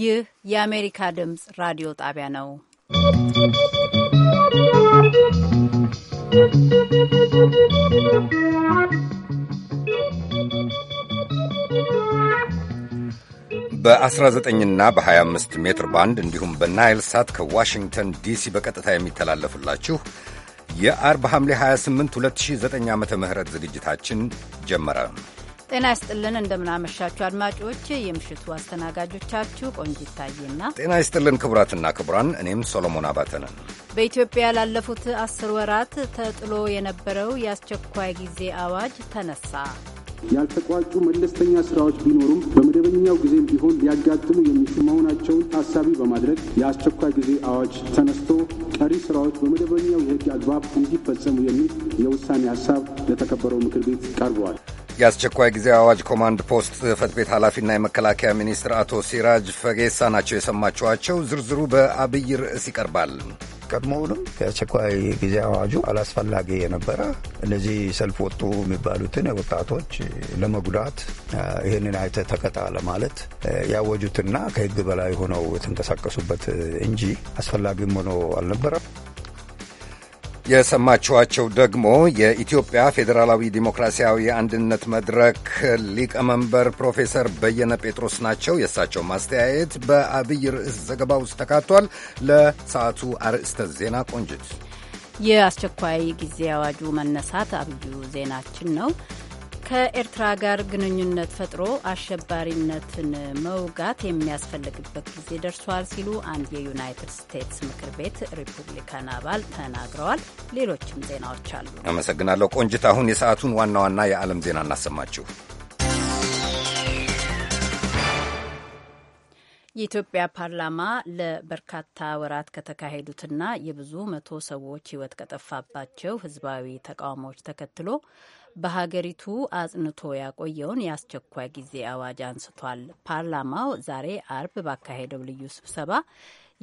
ይህ የአሜሪካ ድምፅ ራዲዮ ጣቢያ ነው። በ19ና በ25 ሜትር ባንድ እንዲሁም በናይል ሳት ከዋሽንግተን ዲሲ በቀጥታ የሚተላለፍላችሁ የአርብ ሐምሌ 28 2009 ዓ ም ዝግጅታችን ጀመረ። ጤና ይስጥልን እንደምናመሻችሁ አድማጮች፣ የምሽቱ አስተናጋጆቻችሁ ቆንጅ ይታየና፣ ጤና ይስጥልን ክቡራትና ክቡራን፣ እኔም ሶሎሞን አባተ ነን። በኢትዮጵያ ላለፉት አስር ወራት ተጥሎ የነበረው የአስቸኳይ ጊዜ አዋጅ ተነሳ። ያልተቋጩ መለስተኛ ስራዎች ቢኖሩም በመደበኛው ጊዜም ቢሆን ሊያጋጥሙ የሚችሉ መሆናቸውን ታሳቢ በማድረግ የአስቸኳይ ጊዜ አዋጅ ተነስቶ ቀሪ ስራዎች በመደበኛው የህግ አግባብ እንዲፈጸሙ የሚል የውሳኔ ሀሳብ ለተከበረው ምክር ቤት ቀርበዋል። የአስቸኳይ ጊዜ አዋጅ ኮማንድ ፖስት ጽህፈት ቤት ኃላፊና የመከላከያ ሚኒስትር አቶ ሲራጅ ፈጌሳ ናቸው የሰማችኋቸው። ዝርዝሩ በአብይ ርዕስ ይቀርባል። ቀድሞውንም የአስቸኳይ ጊዜ አዋጁ አላስፈላጊ የነበረ እነዚህ ሰልፍ ወጡ የሚባሉትን ወጣቶች ለመጉዳት ይህንን አይተ ተቀጣ ለማለት ያወጁትና ከህግ በላይ ሆነው የተንቀሳቀሱበት እንጂ አስፈላጊም ሆኖ አልነበረም። የሰማችኋቸው ደግሞ የኢትዮጵያ ፌዴራላዊ ዲሞክራሲያዊ አንድነት መድረክ ሊቀመንበር ፕሮፌሰር በየነ ጴጥሮስ ናቸው። የእሳቸው ማስተያየት በአብይ ርዕስ ዘገባ ውስጥ ተካቷል። ለሰዓቱ አርዕስተ ዜና ቆንጅት። የአስቸኳይ ጊዜ አዋጁ መነሳት አብዩ ዜናችን ነው። ከኤርትራ ጋር ግንኙነት ፈጥሮ አሸባሪነትን መውጋት የሚያስፈልግበት ጊዜ ደርሷል ሲሉ አንድ የዩናይትድ ስቴትስ ምክር ቤት ሪፑብሊካን አባል ተናግረዋል። ሌሎችም ዜናዎች አሉ። አመሰግናለሁ ቆንጅት። አሁን የሰዓቱን ዋና ዋና የዓለም ዜና እናሰማችሁ። የኢትዮጵያ ፓርላማ ለበርካታ ወራት ከተካሄዱትና የብዙ መቶ ሰዎች ሕይወት ከጠፋባቸው ህዝባዊ ተቃውሞዎች ተከትሎ በሀገሪቱ አጽንቶ ያቆየውን የአስቸኳይ ጊዜ አዋጅ አንስቷል። ፓርላማው ዛሬ አርብ ባካሄደው ልዩ ስብሰባ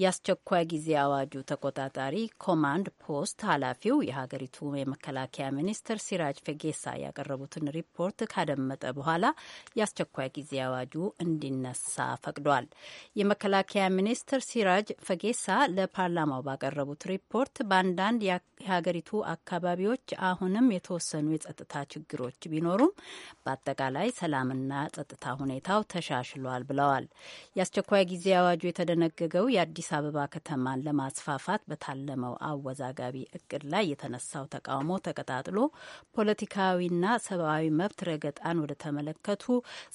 የአስቸኳይ ጊዜ አዋጁ ተቆጣጣሪ ኮማንድ ፖስት ኃላፊው የሀገሪቱ የመከላከያ ሚኒስትር ሲራጅ ፈጌሳ ያቀረቡትን ሪፖርት ካደመጠ በኋላ የአስቸኳይ ጊዜ አዋጁ እንዲነሳ ፈቅዷል። የመከላከያ ሚኒስትር ሲራጅ ፈጌሳ ለፓርላማው ባቀረቡት ሪፖርት በአንዳንድ የሀገሪቱ አካባቢዎች አሁንም የተወሰኑ የጸጥታ ችግሮች ቢኖሩም በአጠቃላይ ሰላምና ጸጥታ ሁኔታው ተሻሽሏል ብለዋል። የአስቸኳይ ጊዜ አዋጁ የተደነገገው የአዲስ አዲስ አበባ ከተማን ለማስፋፋት በታለመው አወዛጋቢ እቅድ ላይ የተነሳው ተቃውሞ ተቀጣጥሎ ፖለቲካዊና ሰብአዊ መብት ረገጣን ወደ ተመለከቱ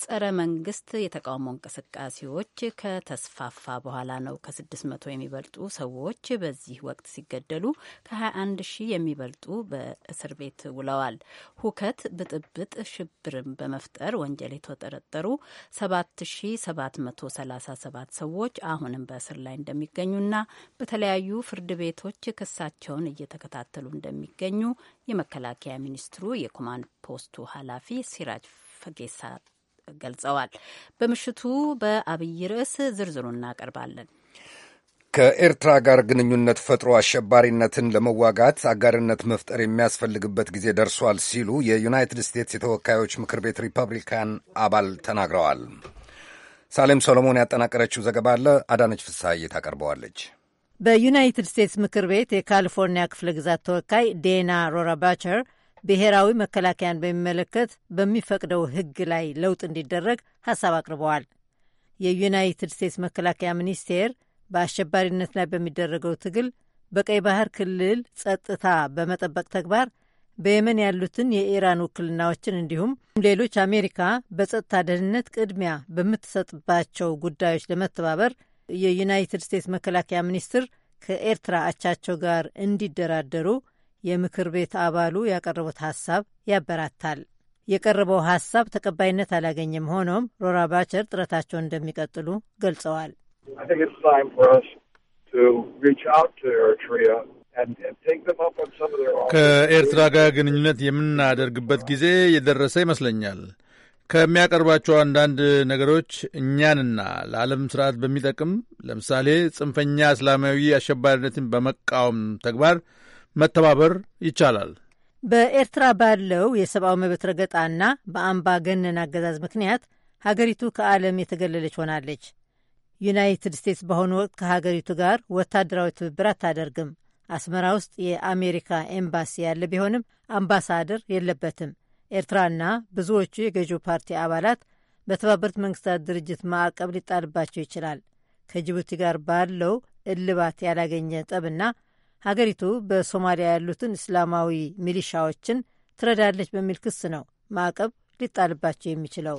ጸረ መንግስት የተቃውሞ እንቅስቃሴዎች ከተስፋፋ በኋላ ነው። ከ ከ600 የሚበልጡ ሰዎች በዚህ ወቅት ሲገደሉ ከ21 ሺህ የሚበልጡ በእስር ቤት ውለዋል። ሁከት፣ ብጥብጥ፣ ሽብርን በመፍጠር ወንጀል የተጠረጠሩ 7737 ሰዎች አሁንም በእስር ላይ እንደሚ እንደሚገኙና በተለያዩ ፍርድ ቤቶች ክሳቸውን እየተከታተሉ እንደሚገኙ የመከላከያ ሚኒስትሩ የኮማንድ ፖስቱ ኃላፊ ሲራጅ ፈጌሳ ገልጸዋል። በምሽቱ በአብይ ርዕስ ዝርዝሩ እናቀርባለን። ከኤርትራ ጋር ግንኙነት ፈጥሮ አሸባሪነትን ለመዋጋት አጋርነት መፍጠር የሚያስፈልግበት ጊዜ ደርሷል ሲሉ የዩናይትድ ስቴትስ የተወካዮች ምክር ቤት ሪፐብሊካን አባል ተናግረዋል። ሳሌም ሰሎሞን ያጠናቀረችው ዘገባ አለ አዳነች ፍስሐዬ ታቀርበዋለች። በዩናይትድ ስቴትስ ምክር ቤት የካሊፎርኒያ ክፍለ ግዛት ተወካይ ዴና ባቸር ብሔራዊ መከላከያን በሚመለከት በሚፈቅደው ሕግ ላይ ለውጥ እንዲደረግ ሀሳብ አቅርበዋል። የዩናይትድ ስቴትስ መከላከያ ሚኒስቴር በአሸባሪነት ላይ በሚደረገው ትግል በቀይ ባህር ክልል ጸጥታ በመጠበቅ ተግባር በየመን ያሉትን የኢራን ውክልናዎችን እንዲሁም ሌሎች አሜሪካ በጸጥታ ደህንነት ቅድሚያ በምትሰጥባቸው ጉዳዮች ለመተባበር የዩናይትድ ስቴትስ መከላከያ ሚኒስትር ከኤርትራ አቻቸው ጋር እንዲደራደሩ የምክር ቤት አባሉ ያቀረቡት ሀሳብ ያበራታል። የቀረበው ሀሳብ ተቀባይነት አላገኘም። ሆኖም ሮራ ባቸር ጥረታቸውን እንደሚቀጥሉ ገልጸዋል። ከኤርትራ ጋር ግንኙነት የምናደርግበት ጊዜ የደረሰ ይመስለኛል። ከሚያቀርባቸው አንዳንድ ነገሮች እኛንና ለዓለም ስርዓት በሚጠቅም ለምሳሌ ጽንፈኛ እስላማዊ አሸባሪነትን በመቃወም ተግባር መተባበር ይቻላል። በኤርትራ ባለው የሰብአዊ መብት ረገጣና በአምባገነን አገዛዝ ምክንያት ሀገሪቱ ከዓለም የተገለለች ሆናለች። ዩናይትድ ስቴትስ በአሁኑ ወቅት ከሀገሪቱ ጋር ወታደራዊ ትብብር አታደርግም። አስመራ ውስጥ የአሜሪካ ኤምባሲ ያለ ቢሆንም አምባሳደር የለበትም። ኤርትራና ብዙዎቹ የገዢው ፓርቲ አባላት በተባበሩት መንግስታት ድርጅት ማዕቀብ ሊጣልባቸው ይችላል። ከጅቡቲ ጋር ባለው እልባት ያላገኘ ጠብና ሀገሪቱ በሶማሊያ ያሉትን እስላማዊ ሚሊሻዎችን ትረዳለች በሚል ክስ ነው ማዕቀብ ሊጣልባቸው የሚችለው።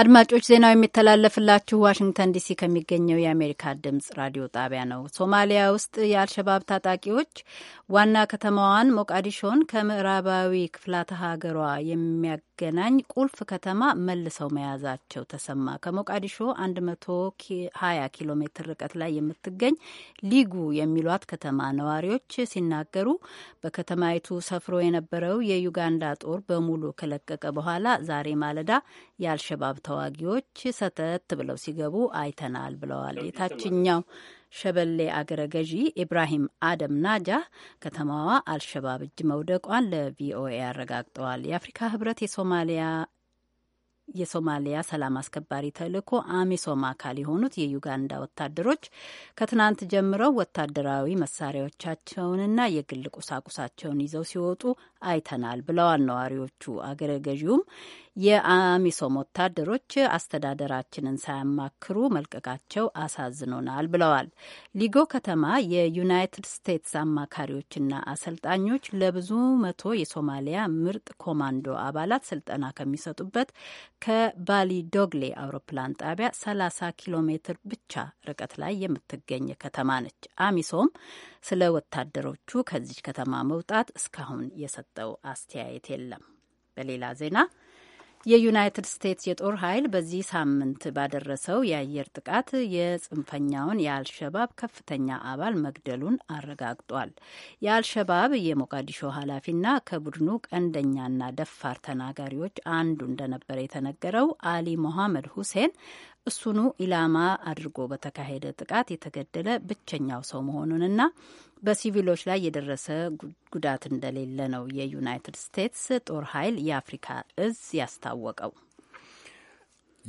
አድማጮች ዜናው የሚተላለፍላችሁ ዋሽንግተን ዲሲ ከሚገኘው የአሜሪካ ድምጽ ራዲዮ ጣቢያ ነው። ሶማሊያ ውስጥ የአልሸባብ ታጣቂዎች ዋና ከተማዋን ሞቃዲሾን ከምዕራባዊ ክፍላተ ሀገሯ የሚገናኝ ቁልፍ ከተማ መልሰው መያዛቸው ተሰማ። ከሞቃዲሾ 120 ኪሎ ሜትር ርቀት ላይ የምትገኝ ሊጉ የሚሏት ከተማ ነዋሪዎች ሲናገሩ በከተማይቱ ሰፍሮ የነበረው የዩጋንዳ ጦር በሙሉ ከለቀቀ በኋላ ዛሬ ማለዳ የአልሸባብ ተዋጊዎች ሰተት ብለው ሲገቡ አይተናል ብለዋል። የታችኛው ሸበሌ አገረ ገዢ ኢብራሂም አደም ናጃህ ከተማዋ አልሸባብ እጅ መውደቋን ለቪኦኤ አረጋግጠዋል። የአፍሪካ ህብረት የሶማሊያ የሶማሊያ ሰላም አስከባሪ ተልእኮ አሚሶም አካል የሆኑት የዩጋንዳ ወታደሮች ከትናንት ጀምረው ወታደራዊ መሳሪያዎቻቸውንና የግል ቁሳቁሳቸውን ይዘው ሲወጡ አይተናል ብለዋል ነዋሪዎቹ። አገረ ገዢውም የአሚሶም ወታደሮች አስተዳደራችንን ሳያማክሩ መልቀቃቸው አሳዝኖናል ብለዋል። ሊጎ ከተማ የዩናይትድ ስቴትስ አማካሪዎችና አሰልጣኞች ለብዙ መቶ የሶማሊያ ምርጥ ኮማንዶ አባላት ስልጠና ከሚሰጡበት ከባሊ ዶግሌ አውሮፕላን ጣቢያ 30 ኪሎ ሜትር ብቻ ርቀት ላይ የምትገኝ ከተማ ነች። አሚሶም ስለ ወታደሮቹ ከዚች ከተማ መውጣት እስካሁን የሰጠ የሰጠው አስተያየት የለም። በሌላ ዜና የዩናይትድ ስቴትስ የጦር ኃይል በዚህ ሳምንት ባደረሰው የአየር ጥቃት የጽንፈኛውን የአልሸባብ ከፍተኛ አባል መግደሉን አረጋግጧል። የአልሸባብ የሞቃዲሾ ኃላፊና ከቡድኑ ቀንደኛና ደፋር ተናጋሪዎች አንዱ እንደነበረ የተነገረው አሊ ሞሐመድ ሁሴን እሱኑ ኢላማ አድርጎ በተካሄደ ጥቃት የተገደለ ብቸኛው ሰው መሆኑንና በሲቪሎች ላይ የደረሰ ጉዳት እንደሌለ ነው የዩናይትድ ስቴትስ ጦር ኃይል የአፍሪካ እዝ ያስታወቀው።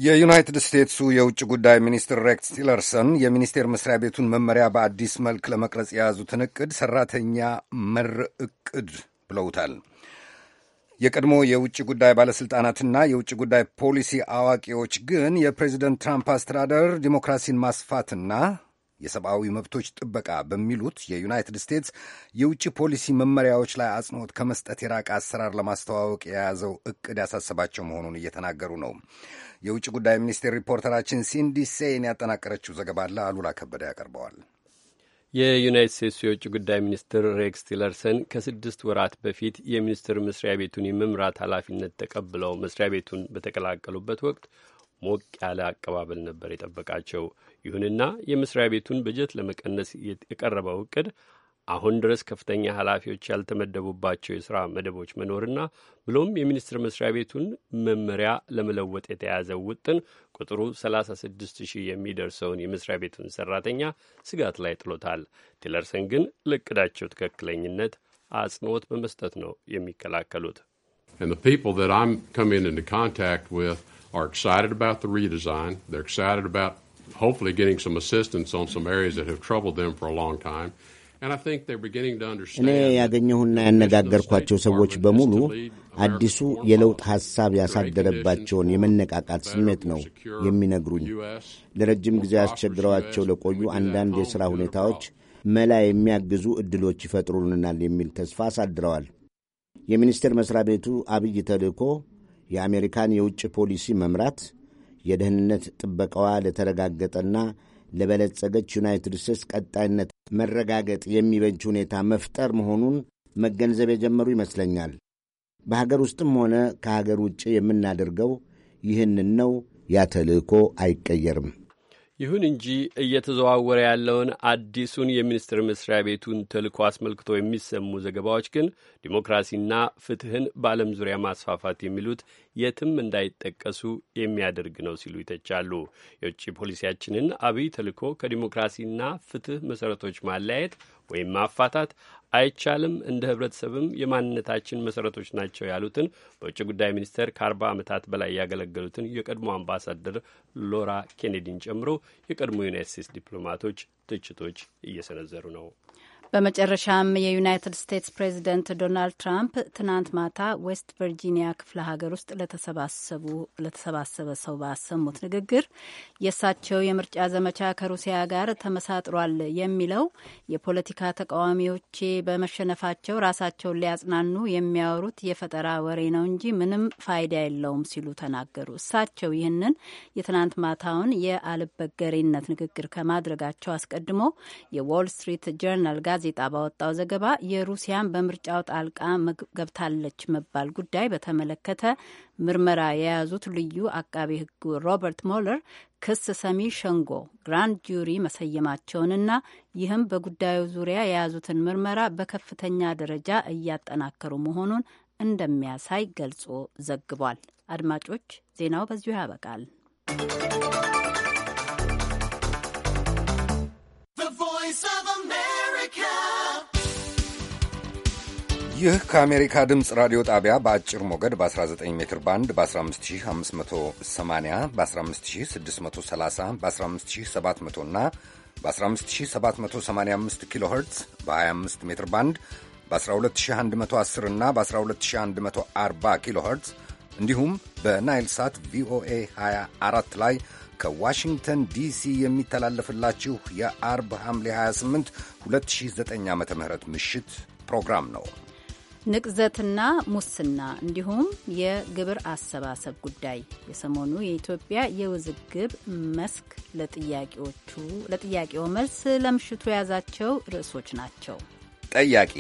የዩናይትድ ስቴትሱ የውጭ ጉዳይ ሚኒስትር ሬክስ ቲለርሰን የሚኒስቴር መስሪያ ቤቱን መመሪያ በአዲስ መልክ ለመቅረጽ የያዙትን እቅድ ሰራተኛ መር እቅድ ብለውታል። የቀድሞ የውጭ ጉዳይ ባለሥልጣናትና የውጭ ጉዳይ ፖሊሲ አዋቂዎች ግን የፕሬዚደንት ትራምፕ አስተዳደር ዲሞክራሲን ማስፋትና የሰብአዊ መብቶች ጥበቃ በሚሉት የዩናይትድ ስቴትስ የውጭ ፖሊሲ መመሪያዎች ላይ አጽንኦት ከመስጠት የራቀ አሰራር ለማስተዋወቅ የያዘው እቅድ ያሳሰባቸው መሆኑን እየተናገሩ ነው። የውጭ ጉዳይ ሚኒስቴር ሪፖርተራችን ሲንዲ ሴን ያጠናቀረችው ዘገባ አሉላ ከበደ ያቀርበዋል። የዩናይት ስቴትስ የውጭ ጉዳይ ሚኒስትር ሬክስ ቲለርሰን ከስድስት ወራት በፊት የሚኒስትር መስሪያ ቤቱን የመምራት ኃላፊነት ተቀብለው መስሪያ ቤቱን በተቀላቀሉበት ወቅት ሞቅ ያለ አቀባበል ነበር የጠበቃቸው። ይሁንና የመስሪያ ቤቱን በጀት ለመቀነስ የቀረበው እቅድ አሁን ድረስ ከፍተኛ ኃላፊዎች ያልተመደቡባቸው የሥራ መደቦች መኖርና ብሎም የሚኒስትር መስሪያ ቤቱን መመሪያ ለመለወጥ የተያዘው ውጥን ቁጥሩ 36 ሺህ የሚደርሰውን የመስሪያ ቤቱን ሠራተኛ ስጋት ላይ ጥሎታል። ቲለርሰን ግን ለእቅዳቸው ትክክለኝነት አጽንኦት በመስጠት ነው የሚከላከሉት። ሆፕፉሊ ጌቲንግ ሰም አሲስታንስ ኦን ሰም እኔ ያገኘሁና ያነጋገርኳቸው ሰዎች በሙሉ አዲሱ የለውጥ ሐሳብ ያሳደረባቸውን የመነቃቃት ስሜት ነው የሚነግሩኝ። ለረጅም ጊዜ ያስቸግረዋቸው ለቆዩ አንዳንድ የሥራ ሁኔታዎች መላ የሚያግዙ ዕድሎች ይፈጥሩልናል የሚል ተስፋ አሳድረዋል። የሚኒስቴር መሥሪያ ቤቱ አብይ ተልእኮ የአሜሪካን የውጭ ፖሊሲ መምራት፣ የደህንነት ጥበቃዋ ለተረጋገጠና ለበለጸገች ዩናይትድ ስቴትስ ቀጣይነት መረጋገጥ የሚበጅ ሁኔታ መፍጠር መሆኑን መገንዘብ የጀመሩ ይመስለኛል። በሀገር ውስጥም ሆነ ከሀገር ውጭ የምናደርገው ይህንን ነው። ያ አይቀየርም። ይሁን እንጂ እየተዘዋወረ ያለውን አዲሱን የሚኒስቴር መስሪያ ቤቱን ተልኮ አስመልክቶ የሚሰሙ ዘገባዎች ግን ዲሞክራሲና ፍትህን በዓለም ዙሪያ ማስፋፋት የሚሉት የትም እንዳይጠቀሱ የሚያደርግ ነው ሲሉ ይተቻሉ። የውጭ ፖሊሲያችንን አብይ ተልኮ ከዲሞክራሲና ፍትህ መሠረቶች ማለያየት ወይም ማፋታት አይቻልም እንደ ህብረተሰብም የማንነታችን መሰረቶች ናቸው ያሉትን በውጭ ጉዳይ ሚኒስቴር ከአርባ ዓመታት በላይ ያገለገሉትን የቀድሞ አምባሳደር ሎራ ኬኔዲን ጨምሮ የቀድሞ ዩናይት ስቴትስ ዲፕሎማቶች ትችቶች እየሰነዘሩ ነው። በመጨረሻም የዩናይትድ ስቴትስ ፕሬዚደንት ዶናልድ ትራምፕ ትናንት ማታ ዌስት ቨርጂኒያ ክፍለ ሀገር ውስጥ ለተሰባሰበ ሰው ባሰሙት ንግግር የእሳቸው የምርጫ ዘመቻ ከሩሲያ ጋር ተመሳጥሯል የሚለው የፖለቲካ ተቃዋሚዎች በመሸነፋቸው ራሳቸውን ሊያጽናኑ የሚያወሩት የፈጠራ ወሬ ነው እንጂ ምንም ፋይዳ የለውም ሲሉ ተናገሩ። እሳቸው ይህንን የትናንት ማታውን የአልበገሬነት ንግግር ከማድረጋቸው አስቀድሞ የዎል ስትሪት ጆርናል ጋዜጣ ባወጣው ዘገባ የሩሲያን በምርጫው ጣልቃ ገብታለች መባል ጉዳይ በተመለከተ ምርመራ የያዙት ልዩ አቃቢ ሕጉ ሮበርት ሞለር ክስ ሰሚ ሸንጎ ግራንድ ጁሪ መሰየማቸውንና ይህም በጉዳዩ ዙሪያ የያዙትን ምርመራ በከፍተኛ ደረጃ እያጠናከሩ መሆኑን እንደሚያሳይ ገልጾ ዘግቧል። አድማጮች ዜናው በዚሁ ያበቃል። ይህ ከአሜሪካ ድምፅ ራዲዮ ጣቢያ በአጭር ሞገድ በ19 ሜትር ባንድ በ15580 በ15630 በ15700 እና በ15785 ኪሎ ኸርትዝ በ25 ሜትር ባንድ በ12110 እና በ12140 ኪሎ ኸርትዝ እንዲሁም በናይል ሳት ቪኦኤ 24 ላይ ከዋሽንግተን ዲሲ የሚተላለፍላችሁ የአርብ ሐምሌ 28 2009 ዓ ም ምሽት ፕሮግራም ነው። ንቅዘትና ሙስና እንዲሁም የግብር አሰባሰብ ጉዳይ የሰሞኑ የኢትዮጵያ የውዝግብ መስክ ለጥያቄዎቹ ለጥያቄው መልስ ለምሽቱ የያዛቸው ርዕሶች ናቸው። ጠያቂ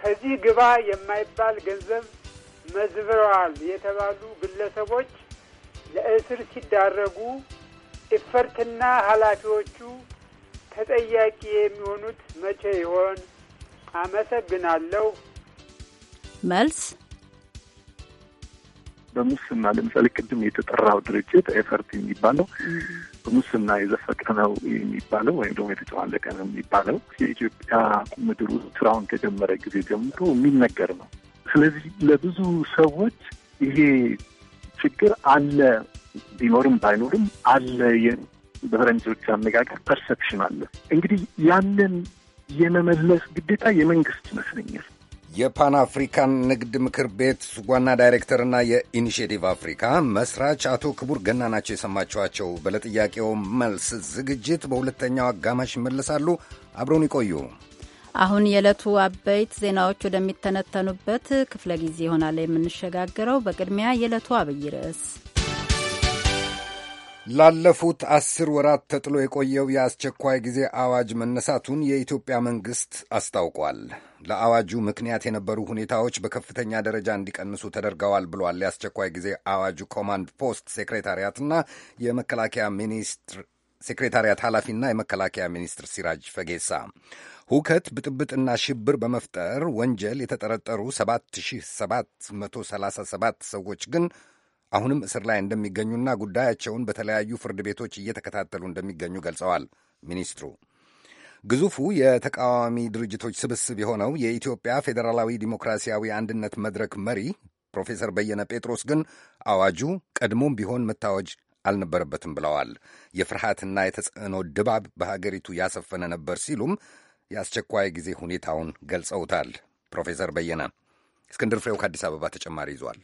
ከዚህ ግባ የማይባል ገንዘብ መዝብረዋል የተባሉ ግለሰቦች ለእስር ሲዳረጉ ኢፈርትና ኃላፊዎቹ ተጠያቂ የሚሆኑት መቼ ይሆን? አመሰግናለሁ። መልስ በሙስና ለምሳሌ ቅድም የተጠራው ድርጅት ኤፈርት የሚባለው በሙስና የዘፈቀ ነው የሚባለው ወይም ደግሞ የተጨዋለቀ ነው የሚባለው የኢትዮጵያ ምድር ውስጥ ስራውን ከጀመረ ጊዜ ጀምሮ የሚነገር ነው። ስለዚህ ለብዙ ሰዎች ይሄ ችግር አለ፣ ቢኖርም ባይኖርም አለ። በፈረንጆች አነጋገር ፐርሰፕሽን አለ። እንግዲህ ያንን የመመለስ ግዴታ የመንግስት ይመስለኛል። የፓን አፍሪካን ንግድ ምክር ቤት ዋና ዳይሬክተርና የኢኒሽቲቭ አፍሪካ መስራች አቶ ክቡር ገና ናቸው የሰማችኋቸው። በለጥያቄው መልስ ዝግጅት በሁለተኛው አጋማሽ ይመለሳሉ። አብረውን ይቆዩ። አሁን የዕለቱ አበይት ዜናዎች ወደሚተነተኑበት ክፍለ ጊዜ ይሆናል የምንሸጋገረው። በቅድሚያ የዕለቱ አብይ ርዕስ ላለፉት አስር ወራት ተጥሎ የቆየው የአስቸኳይ ጊዜ አዋጅ መነሳቱን የኢትዮጵያ መንግሥት አስታውቋል። ለአዋጁ ምክንያት የነበሩ ሁኔታዎች በከፍተኛ ደረጃ እንዲቀንሱ ተደርገዋል ብሏል። የአስቸኳይ ጊዜ አዋጁ ኮማንድ ፖስት ሴክሬታሪያትና የመከላከያ ሚኒስትር ሴክሬታሪያት ኃላፊና የመከላከያ ሚኒስትር ሲራጅ ፈጌሳ ሁከት ብጥብጥና ሽብር በመፍጠር ወንጀል የተጠረጠሩ 7737 ሰዎች ግን አሁንም እስር ላይ እንደሚገኙና ጉዳያቸውን በተለያዩ ፍርድ ቤቶች እየተከታተሉ እንደሚገኙ ገልጸዋል ሚኒስትሩ። ግዙፉ የተቃዋሚ ድርጅቶች ስብስብ የሆነው የኢትዮጵያ ፌዴራላዊ ዲሞክራሲያዊ አንድነት መድረክ መሪ ፕሮፌሰር በየነ ጴጥሮስ ግን አዋጁ ቀድሞም ቢሆን መታወጅ አልነበረበትም ብለዋል። የፍርሃትና የተጽዕኖ ድባብ በሀገሪቱ ያሰፈነ ነበር ሲሉም የአስቸኳይ ጊዜ ሁኔታውን ገልጸውታል። ፕሮፌሰር በየነ እስክንድር ፍሬው ከአዲስ አበባ ተጨማሪ ይዟል።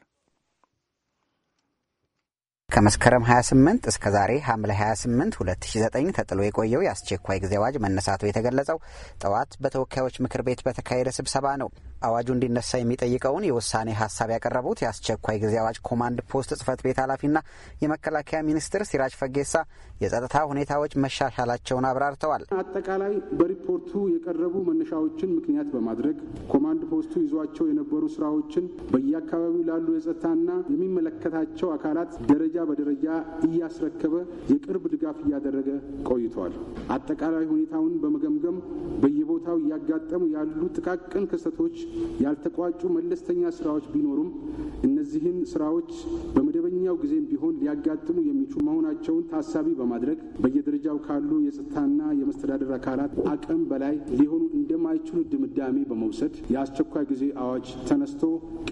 ከመስከረም 28 እስከ ዛሬ ሐምሌ 28 2009 ተጥሎ የቆየው የአስቸኳይ ጊዜ አዋጅ መነሳቱ የተገለጸው ጠዋት በተወካዮች ምክር ቤት በተካሄደ ስብሰባ ነው። አዋጁ እንዲነሳ የሚጠይቀውን የውሳኔ ሀሳብ ያቀረቡት የአስቸኳይ ጊዜ አዋጅ ኮማንድ ፖስት ጽህፈት ቤት ኃላፊና የመከላከያ ሚኒስትር ሲራጅ ፈጌሳ የጸጥታ ሁኔታዎች መሻሻላቸውን አብራርተዋል። አጠቃላይ በሪፖርቱ የቀረቡ መነሻዎችን ምክንያት በማድረግ ኮማንድ ፖስቱ ይዟቸው የነበሩ ስራዎችን በየአካባቢው ላሉ የጸጥታና የሚመለከታቸው አካላት ደረጃ በደረጃ እያስረከበ የቅርብ ድጋፍ እያደረገ ቆይቷል። አጠቃላይ ሁኔታውን በመገምገም በየቦታው እያጋጠሙ ያሉ ጥቃቅን ክስተቶች፣ ያልተቋጩ መለስተኛ ስራዎች ቢኖሩም እነዚህን ስራዎች በመደበኛው ጊዜም ቢሆን ሊያጋጥሙ የሚችሉ መሆናቸውን ታሳቢ በማድረግ በየደረጃው ካሉ የጸጥታና የመስተዳደር አካላት አቅም በላይ ሊሆኑ እንደማይችሉ ድምዳሜ በመውሰድ የአስቸኳይ ጊዜ አዋጅ ተነስቶ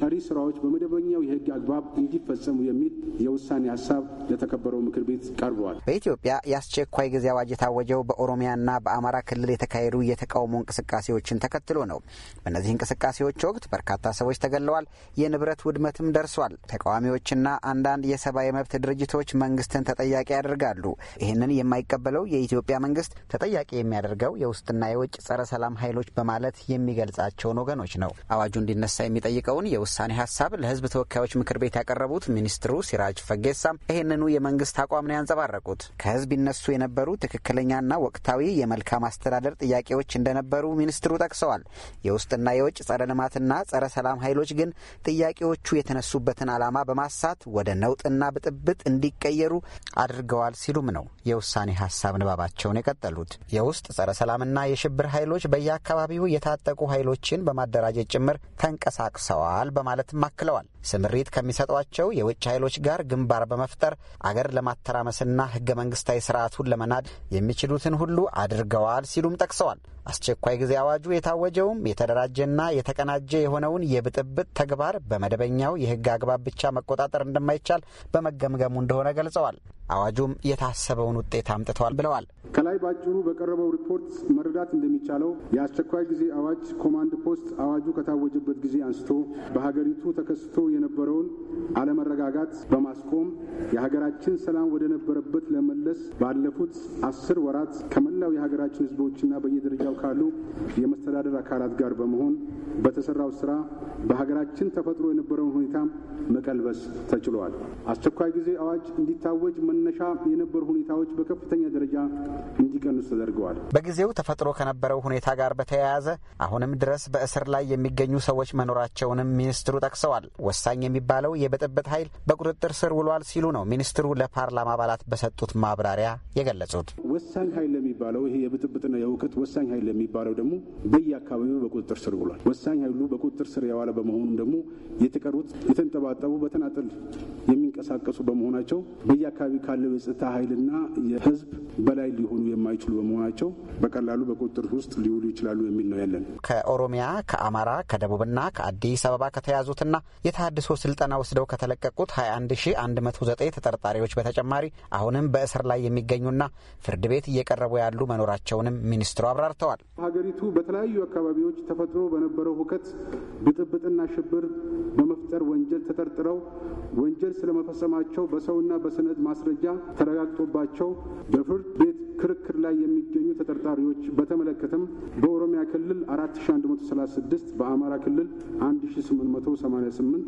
ቀሪ ስራዎች በመደበኛው የህግ አግባብ እንዲፈጸሙ የሚል የውሳኔ ሀሳብ ለተከበረው ምክር ቤት ቀርበዋል። በኢትዮጵያ የአስቸኳይ ጊዜ አዋጅ የታወጀው በኦሮሚያና በአማራ ክልል የተካሄዱ የተቃውሞ እንቅስቃሴዎችን ተከትሎ ነው። በእነዚህ እንቅስቃሴዎች ወቅት በርካታ ሰዎች ተገለዋል፣ የንብረት ውድመትም ደርሷል። ተቃዋሚዎችና አንዳንድ የሰብአዊ መብት ድርጅቶች መንግስትን ተጠያቂ ያደርጋሉ። ይህንን የማይቀበለው የኢትዮጵያ መንግስት ተጠያቂ የሚያደርገው የውስጥና የውጭ ጸረ ሰላም ኃይሎች በማለት የሚገልጻቸውን ወገኖች ነው። አዋጁ እንዲነሳ የሚጠይቀውን የውሳኔ ሀሳብ ለህዝብ ተወካዮች ምክር ቤት ያቀረቡት ሚኒስትሩ ሲራጅ ፈጌሳ ሲነሳም ይህንኑ የመንግስት አቋም ነው ያንጸባረቁት። ከህዝብ ይነሱ የነበሩ ትክክለኛና ወቅታዊ የመልካም አስተዳደር ጥያቄዎች እንደነበሩ ሚኒስትሩ ጠቅሰዋል። የውስጥና የውጭ ጸረ ልማትና ጸረ ሰላም ኃይሎች ግን ጥያቄዎቹ የተነሱበትን ዓላማ በማሳት ወደ ነውጥና ብጥብጥ እንዲቀየሩ አድርገዋል ሲሉም ነው የውሳኔ ሀሳብ ንባባቸውን የቀጠሉት። የውስጥ ጸረ ሰላምና የሽብር ኃይሎች በየአካባቢው የታጠቁ ኃይሎችን በማደራጀት ጭምር ተንቀሳቅሰዋል በማለትም አክለዋል። ስምሪት ከሚሰጧቸው የውጭ ኃይሎች ጋር ግንባር በመፍጠር አገር ለማተራመስና ህገ መንግስታዊ ስርዓቱን ለመናድ የሚችሉትን ሁሉ አድርገዋል ሲሉም ጠቅሰዋል። አስቸኳይ ጊዜ አዋጁ የታወጀውም የተደራጀና የተቀናጀ የሆነውን የብጥብጥ ተግባር በመደበኛው የሕግ አግባብ ብቻ መቆጣጠር እንደማይቻል በመገምገሙ እንደሆነ ገልጸዋል። አዋጁም የታሰበውን ውጤት አምጥተዋል ብለዋል። ከላይ በአጭሩ በቀረበው ሪፖርት መረዳት እንደሚቻለው የአስቸኳይ ጊዜ አዋጅ ኮማንድ ፖስት አዋጁ ከታወጀበት ጊዜ አንስቶ በሀገሪቱ ተከስቶ የነበረውን አለመረጋጋት በማስቆም የሀገራችን ሰላም ወደነበረበት ለመለስ ባለፉት አስር ወራት ከመላው የሀገራችን ህዝቦችና በየደረጃው ካሉ የመስተዳደር አካላት ጋር በመሆን በተሰራው ስራ በሀገራችን ተፈጥሮ የነበረውን ሁኔታ መቀልበስ ተችሏል። አስቸኳይ ጊዜ አዋጅ እንዲታወጅ መነሻ የነበሩ ሁኔታዎች በከፍተኛ ደረጃ እንዲቀንስ ተደርገዋል። በጊዜው ተፈጥሮ ከነበረው ሁኔታ ጋር በተያያዘ አሁንም ድረስ በእስር ላይ የሚገኙ ሰዎች መኖራቸውንም ሚኒስትሩ ጠቅሰዋል። ወሳኝ የሚባለው የብጥብጥ ኃይል በቁጥጥር ስር ውሏል ሲሉ ነው ሚኒስትሩ ለፓርላማ አባላት በሰጡት ማብራሪያ የገለጹት። ወሳኝ ኃይል የሚባለው ይሄ የብጥብጥና የእውከት ወሳኝ ኃይል የሚባለው ደግሞ በየአካባቢው በቁጥጥር ስር ውሏል። ወሳኝ ኃይሉ በቁጥጥር ስር የዋለ በመሆኑም ደግሞ የተቀሩት የተንጠባጠቡ በተናጠል የሚንቀሳቀሱ በመሆናቸው በየአካባቢው ካለው የጸጥታ ኃይልና የህዝብ በላይ ሊሆኑ የማይችሉ በመሆናቸው በቀላሉ በቁጥጥር ውስጥ ሊውሉ ይችላሉ የሚል ነው ያለን። ከኦሮሚያ ከአማራ፣ ከደቡብና ከአዲስ አበባ ከተያዙትና የተሃድሶ ስልጠና ወስደው ከተለቀቁት 21109 ተጠርጣሪዎች በተጨማሪ አሁንም በእስር ላይ የሚገኙና ፍርድ ቤት እየቀረቡ ያሉ መኖራቸውንም ሚኒስትሩ አብራርተዋል። ገልጸዋል። ሀገሪቱ በተለያዩ አካባቢዎች ተፈጥሮ በነበረው ሁከት ብጥብጥና ሽብር በመፍጠር ወንጀል ተጠርጥረው ወንጀል ስለመፈጸማቸው በሰውና በሰነድ ማስረጃ ተረጋግጦባቸው በፍርድ ቤት ክርክር ላይ የሚገኙ ተጠርጣሪዎች በተመለከተም በኦሮሚያ ክልል 4136፣ በአማራ ክልል 1888፣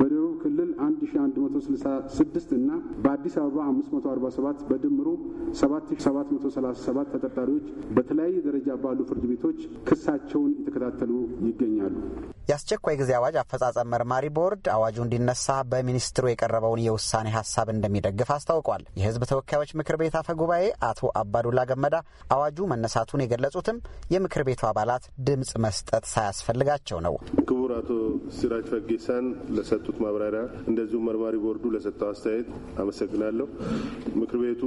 በደቡብ ክልል 1166 እና በአዲስ አበባ 547 በድምሩ 7737 ተጠርጣሪዎች በተለያየ ደረጃ ባሉ ፍርድ ቤቶች ክሳቸውን የተከታተሉ ይገኛሉ። የአስቸኳይ ጊዜ አዋጅ አፈጻጸም መርማሪ ቦርድ አዋጁ እንዲነሳ በሚኒስትሩ የቀረበውን የውሳኔ ሀሳብ እንደሚደግፍ አስታውቋል። የሕዝብ ተወካዮች ምክር ቤት አፈ ጉባኤ አቶ አባዱላ ገመዳ አዋጁ መነሳቱን የገለጹትም የምክር ቤቱ አባላት ድምፅ መስጠት ሳያስፈልጋቸው ነው። ክቡር አቶ ሲራጅ ፈጌሳን ለሰጡት ማብራሪያ እንደዚሁም መርማሪ ቦርዱ ለሰጠው አስተያየት አመሰግናለሁ። ምክር ቤቱ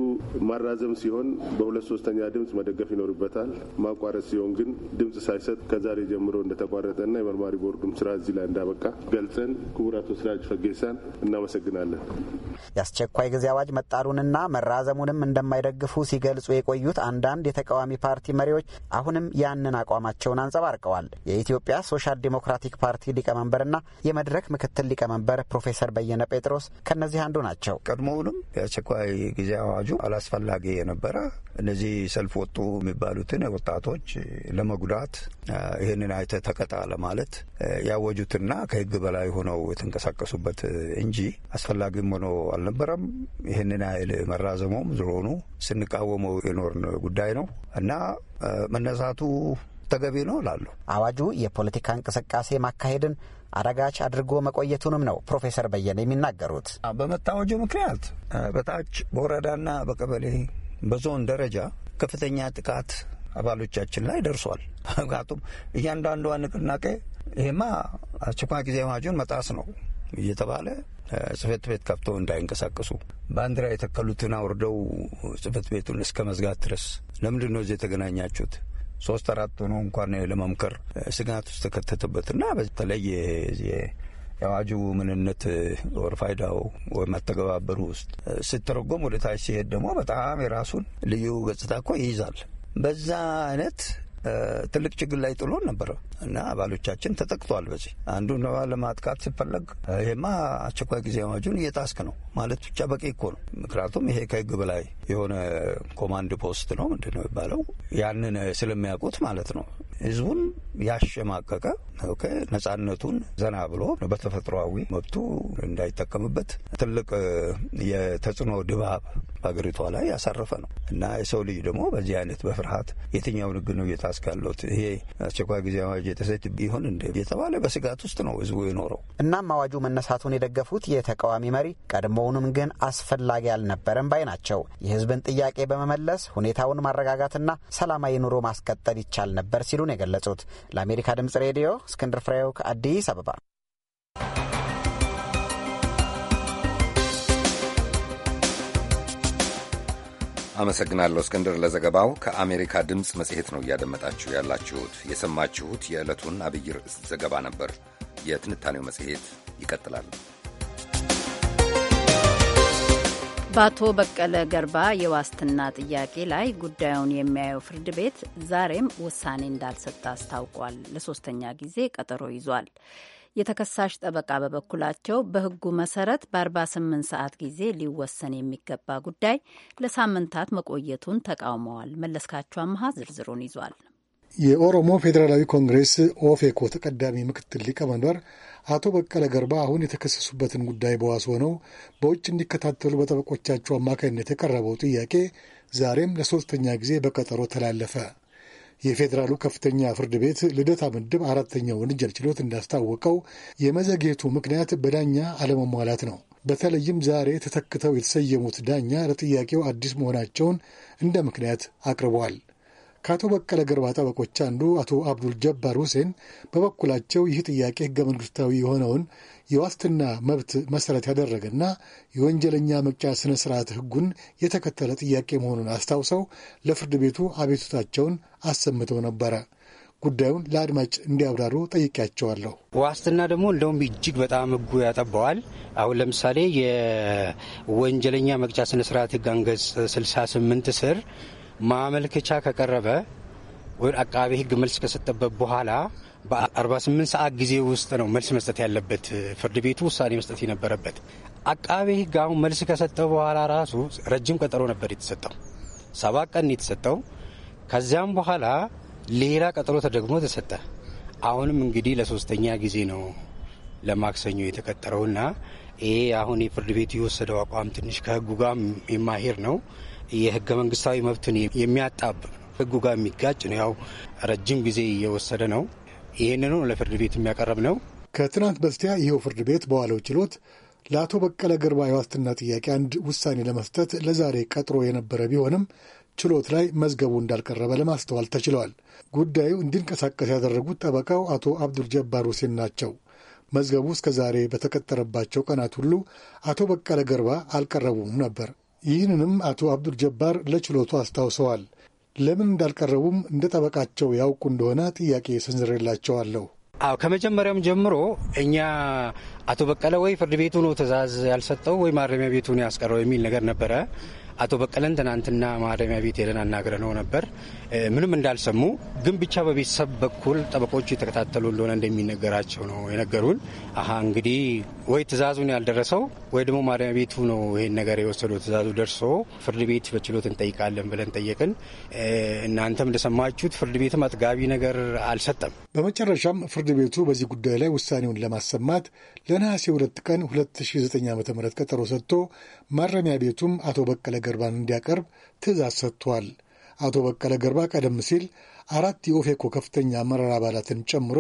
ማራዘም ሲሆን በሁለት ሶስተኛ ድምፅ መደገፍ ይኖርበታል። ማቋረጥ ሲሆን ግን ድምፅ ሳይሰጥ ከዛሬ ጀምሮ እንደተቋረጠና የመርማሪ ቦርዱም ስራ እዚህ ላይ እንዳበቃ ገልጸን ክቡር አቶ ሲራጅ ፈጌሳን እናመሰግናለን። የአስቸኳይ ጊዜ አዋጅ መጣሉንና መራዘሙንም እንደማይደግፉ ሲገልጹ የቆዩት አንዳንድ የተቃዋሚ ፓርቲ መሪዎች አሁንም ያንን አቋማቸውን አንጸባርቀዋል። የኢትዮጵያ ሶሻል ዲሞክራቲክ ፓርቲ ሊቀመንበርና የመድረክ ምክትል ሊቀመንበር ፕሮፌሰር በየነ ጴጥሮስ ከእነዚህ አንዱ ናቸው። ቀድሞውንም የአስቸኳይ ጊዜ አዋጁ አላስፈላጊ የነበረ እነዚህ ሰልፍ ወጡ የሚባሉትን ወጣቶች ለመጉዳት ይህንን አይተ ተቀጣ ለማለት ያወጁትና ከህግ በላይ ሆነው የተንቀሳቀሱበት እንጂ አስፈላጊም ሆኖ አልነበረም። ይህንን ኃይል መራዘሙም ዝሮኑ ስንቃወመው የኖርን ጉዳይ ነው እና መነሳቱ ተገቢ ነው እላለሁ። አዋጁ የፖለቲካ እንቅስቃሴ ማካሄድን አዳጋች አድርጎ መቆየቱንም ነው ፕሮፌሰር በየነ የሚናገሩት። በመታወጁ ምክንያት በታች በወረዳና በቀበሌ በዞን ደረጃ ከፍተኛ ጥቃት አባሎቻችን ላይ ደርሷል። ምክንያቱም እያንዳንዷ ንቅናቄ ይሄማ አስቸኳይ ጊዜ አዋጁን መጣስ ነው እየተባለ ጽህፈት ቤት ከፍቶ እንዳይንቀሳቀሱ ባንዲራ የተከሉትን አውርደው ጽህፈት ቤቱን እስከ መዝጋት ድረስ ለምንድን ነው እዚህ የተገናኛችሁት? ሶስት አራት ሆኖ እንኳን ለመምከር ስጋት ውስጥ ተከተተበት እና በተለይ የአዋጁ ምንነት ወር ፋይዳው ወይም አተገባበሩ ውስጥ ስትረጎም ወደ ታች ሲሄድ ደግሞ በጣም የራሱን ልዩ ገጽታ እኮ ይይዛል። በዛ አይነት ትልቅ ችግር ላይ ጥሎን ነበረ እና አባሎቻችን ተጠቅቷል። በዚህ አንዱን ለማጥቃት ሲፈለግ ይሄማ አስቸኳይ ጊዜ አዋጁን እየጣስክ ነው ማለት ብቻ በቂ እኮ ነው። ምክንያቱም ይሄ ከህግ በላይ የሆነ ኮማንድ ፖስት ነው ምንድን ነው የሚባለው ያንን ስለሚያውቁት ማለት ነው ህዝቡን ያሸማቀቀ ነጻነቱን ዘና ብሎ በተፈጥሯዊ መብቱ እንዳይጠቀምበት ትልቅ የተጽዕኖ ድባብ በሀገሪቷ ላይ ያሳረፈ ነው እና የሰው ልጅ ደግሞ በዚህ አይነት በፍርሃት የትኛውን ህግ ነው እየጣ አስካሎት ይሄ አስቸኳይ ጊዜ አዋጅ የተሰጥ ቢሆን እንደ የተባለ በስጋት ውስጥ ነው ህዝቡ የኖረው። እናም አዋጁ መነሳቱን የደገፉት የተቃዋሚ መሪ ቀድሞውንም ግን አስፈላጊ አልነበረም ባይ ናቸው። የህዝብን ጥያቄ በመመለስ ሁኔታውን ማረጋጋትና ሰላማዊ ኑሮ ማስቀጠል ይቻል ነበር ሲሉን የገለጹት ለአሜሪካ ድምጽ ሬዲዮ እስክንድር ፍሬው ከአዲስ አበባ አመሰግናለሁ እስክንድር ለዘገባው። ከአሜሪካ ድምፅ መጽሔት ነው እያደመጣችሁ ያላችሁት። የሰማችሁት የዕለቱን አብይ ርዕስ ዘገባ ነበር። የትንታኔው መጽሔት ይቀጥላል። በአቶ በቀለ ገርባ የዋስትና ጥያቄ ላይ ጉዳዩን የሚያየው ፍርድ ቤት ዛሬም ውሳኔ እንዳልሰጠ አስታውቋል። ለሶስተኛ ጊዜ ቀጠሮ ይዟል። የተከሳሽ ጠበቃ በበኩላቸው በሕጉ መሰረት በ48 ሰዓት ጊዜ ሊወሰን የሚገባ ጉዳይ ለሳምንታት መቆየቱን ተቃውመዋል። መለስካቸው አምሃ ዝርዝሩን ይዟል። የኦሮሞ ፌዴራላዊ ኮንግሬስ ኦፌኮ ተቀዳሚ ምክትል ሊቀመንበር አቶ በቀለ ገርባ አሁን የተከሰሱበትን ጉዳይ በዋስ ሆነው በውጭ እንዲከታተሉ በጠበቆቻቸው አማካኝነት የቀረበው ጥያቄ ዛሬም ለሶስተኛ ጊዜ በቀጠሮ ተላለፈ። የፌዴራሉ ከፍተኛ ፍርድ ቤት ልደታ ምድብ አራተኛው ወንጀል ችሎት እንዳስታወቀው የመዘግየቱ ምክንያት በዳኛ አለመሟላት ነው። በተለይም ዛሬ ተተክተው የተሰየሙት ዳኛ ለጥያቄው አዲስ መሆናቸውን እንደ ምክንያት አቅርበዋል። ከአቶ በቀለ ገርባ ጠበቆች አንዱ አቶ አብዱል ጀባር ሁሴን በበኩላቸው ይህ ጥያቄ ህገ መንግስታዊ የሆነውን የዋስትና መብት መሰረት ያደረገና የወንጀለኛ መቅጫ ስነ ስርዓት ህጉን የተከተለ ጥያቄ መሆኑን አስታውሰው ለፍርድ ቤቱ አቤቱታቸውን አሰምተው ነበረ። ጉዳዩን ለአድማጭ እንዲያብራሩ ጠይቄያቸዋለሁ። ዋስትና ደግሞ እንደውም እጅግ በጣም ህጉ ያጠባዋል። አሁን ለምሳሌ የወንጀለኛ መቅጫ ስነ ስርዓት ህግ አንቀጽ 68 ስር ማመልከቻ ከቀረበ ወይ አቃቤ ህግ መልስ ከሰጠበት በኋላ በ48 ሰዓት ጊዜ ውስጥ ነው መልስ መስጠት ያለበት ፍርድ ቤቱ ውሳኔ መስጠት የነበረበት። አቃቤ ሕግ አሁን መልስ ከሰጠ በኋላ ራሱ ረጅም ቀጠሮ ነበር የተሰጠው፣ ሰባት ቀን የተሰጠው። ከዚያም በኋላ ሌላ ቀጠሮ ተደግሞ ተሰጠ። አሁንም እንግዲህ ለሶስተኛ ጊዜ ነው ለማክሰኞ የተቀጠረውና ይሄ አሁን የፍርድ ቤቱ የወሰደው አቋም ትንሽ ከህጉ ጋር የማሄር ነው። የህገ መንግስታዊ መብትን የሚያጣብብ ህጉ ጋር የሚጋጭ ነው። ያው ረጅም ጊዜ እየወሰደ ነው። ይህንኑ ለፍርድ ቤት የሚያቀርብ ነው። ከትናንት በስቲያ ይኸው ፍርድ ቤት በዋለው ችሎት ለአቶ በቀለ ገርባ የዋስትና ጥያቄ አንድ ውሳኔ ለመስጠት ለዛሬ ቀጥሮ የነበረ ቢሆንም ችሎት ላይ መዝገቡ እንዳልቀረበ ለማስተዋል ተችሏል። ጉዳዩ እንዲንቀሳቀስ ያደረጉት ጠበቃው አቶ አብዱል ጀባር ሁሴን ናቸው። መዝገቡ እስከ ዛሬ በተቀጠረባቸው ቀናት ሁሉ አቶ በቀለ ገርባ አልቀረቡም ነበር። ይህንንም አቶ አብዱል ጀባር ለችሎቱ አስታውሰዋል። ለምን እንዳልቀረቡም እንደ ጠበቃቸው ያውቁ እንደሆነ ጥያቄ ሰንዝሬላቸዋለሁ። አዎ ከመጀመሪያም ጀምሮ እኛ አቶ በቀለ ወይ ፍርድ ቤቱ ነው ትእዛዝ ያልሰጠው ወይ ማረሚያ ቤቱ ያስቀረው የሚል ነገር ነበረ። አቶ በቀለን ትናንትና ማረሚያ ቤት ሄደን አናግረነው ነበር። ምንም እንዳልሰሙ ግን ብቻ በቤተሰብ በኩል ጠበቆቹ የተከታተሉ እንደሆነ እንደሚነገራቸው ነው የነገሩን። አሀ እንግዲህ ወይ ትእዛዙን ያልደረሰው ወይ ደግሞ ማረሚያ ቤቱ ነው ይሄን ነገር የወሰደው። ትእዛዙ ደርሶ ፍርድ ቤት በችሎት እንጠይቃለን ብለን ጠየቅን። እናንተም እንደሰማችሁት ፍርድ ቤትም አጥጋቢ ነገር አልሰጠም። በመጨረሻም ፍርድ ቤቱ በዚህ ጉዳይ ላይ ውሳኔውን ለማሰማት ለነሐሴ ሁለት ቀን 2009 ዓ ም ቀጠሮ ሰጥቶ ማረሚያ ቤቱም አቶ በቀለ ገርባን እንዲያቀርብ ትእዛዝ ሰጥቷል። አቶ በቀለ ገርባ ቀደም ሲል አራት የኦፌኮ ከፍተኛ አመራር አባላትን ጨምሮ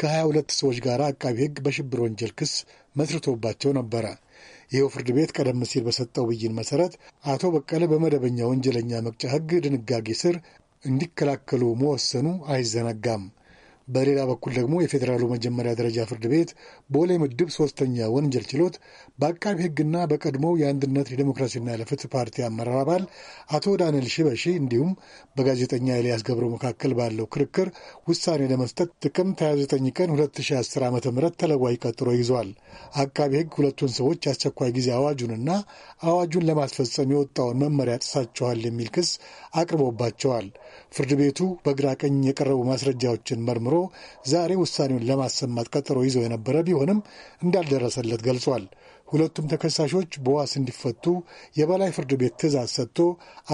ከ22 ሰዎች ጋር አቃቢ ሕግ በሽብር ወንጀል ክስ መስርቶባቸው ነበረ። ይኸው ፍርድ ቤት ቀደም ሲል በሰጠው ብይን መሠረት አቶ በቀለ በመደበኛ ወንጀለኛ መቅጫ ሕግ ድንጋጌ ስር እንዲከላከሉ መወሰኑ አይዘነጋም። በሌላ በኩል ደግሞ የፌዴራሉ መጀመሪያ ደረጃ ፍርድ ቤት ቦሌ ምድብ ሶስተኛ ወንጀል ችሎት በአቃቢ ሕግና በቀድሞው የአንድነት የዴሞክራሲና ለፍትህ ፓርቲ አመራር አባል አቶ ዳንኤል ሽበሺ እንዲሁም በጋዜጠኛ ኤልያስ ገብሮ መካከል ባለው ክርክር ውሳኔ ለመስጠት ጥቅምት 29 ቀን 2010 ዓ ም ተለዋጭ ቀጥሮ ይዟል። አቃቢ ሕግ ሁለቱን ሰዎች አስቸኳይ ጊዜ አዋጁንና አዋጁን ለማስፈጸም የወጣውን መመሪያ ጥሳቸኋል የሚል ክስ አቅርቦባቸዋል። ፍርድ ቤቱ በግራ ቀኝ የቀረቡ ማስረጃዎችን መርምሮ ዛሬ ውሳኔውን ለማሰማት ቀጠሮ ይዞ የነበረ ቢሆንም እንዳልደረሰለት ገልጿል። ሁለቱም ተከሳሾች በዋስ እንዲፈቱ የበላይ ፍርድ ቤት ትዕዛዝ ሰጥቶ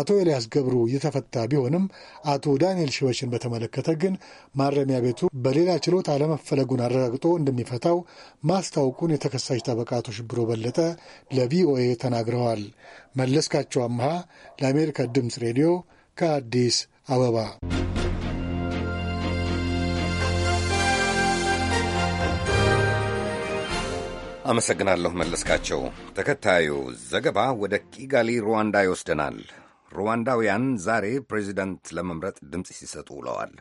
አቶ ኤልያስ ገብሩ የተፈታ ቢሆንም አቶ ዳንኤል ሽበሽን በተመለከተ ግን ማረሚያ ቤቱ በሌላ ችሎት አለመፈለጉን አረጋግጦ እንደሚፈታው ማስታወቁን የተከሳሽ ጠበቃ አቶ ሽብሮ በለጠ ለቪኦኤ ተናግረዋል። መለስካቸው አምሃ ለአሜሪካ ድምፅ ሬዲዮ ከአዲስ አበባ አመሰግናለሁ መለስካቸው። ተከታዩ ዘገባ ወደ ኪጋሊ ሩዋንዳ ይወስደናል። ሩዋንዳውያን ዛሬ ፕሬዚደንት ለመምረጥ ድምፅ ሲሰጡ ውለዋል።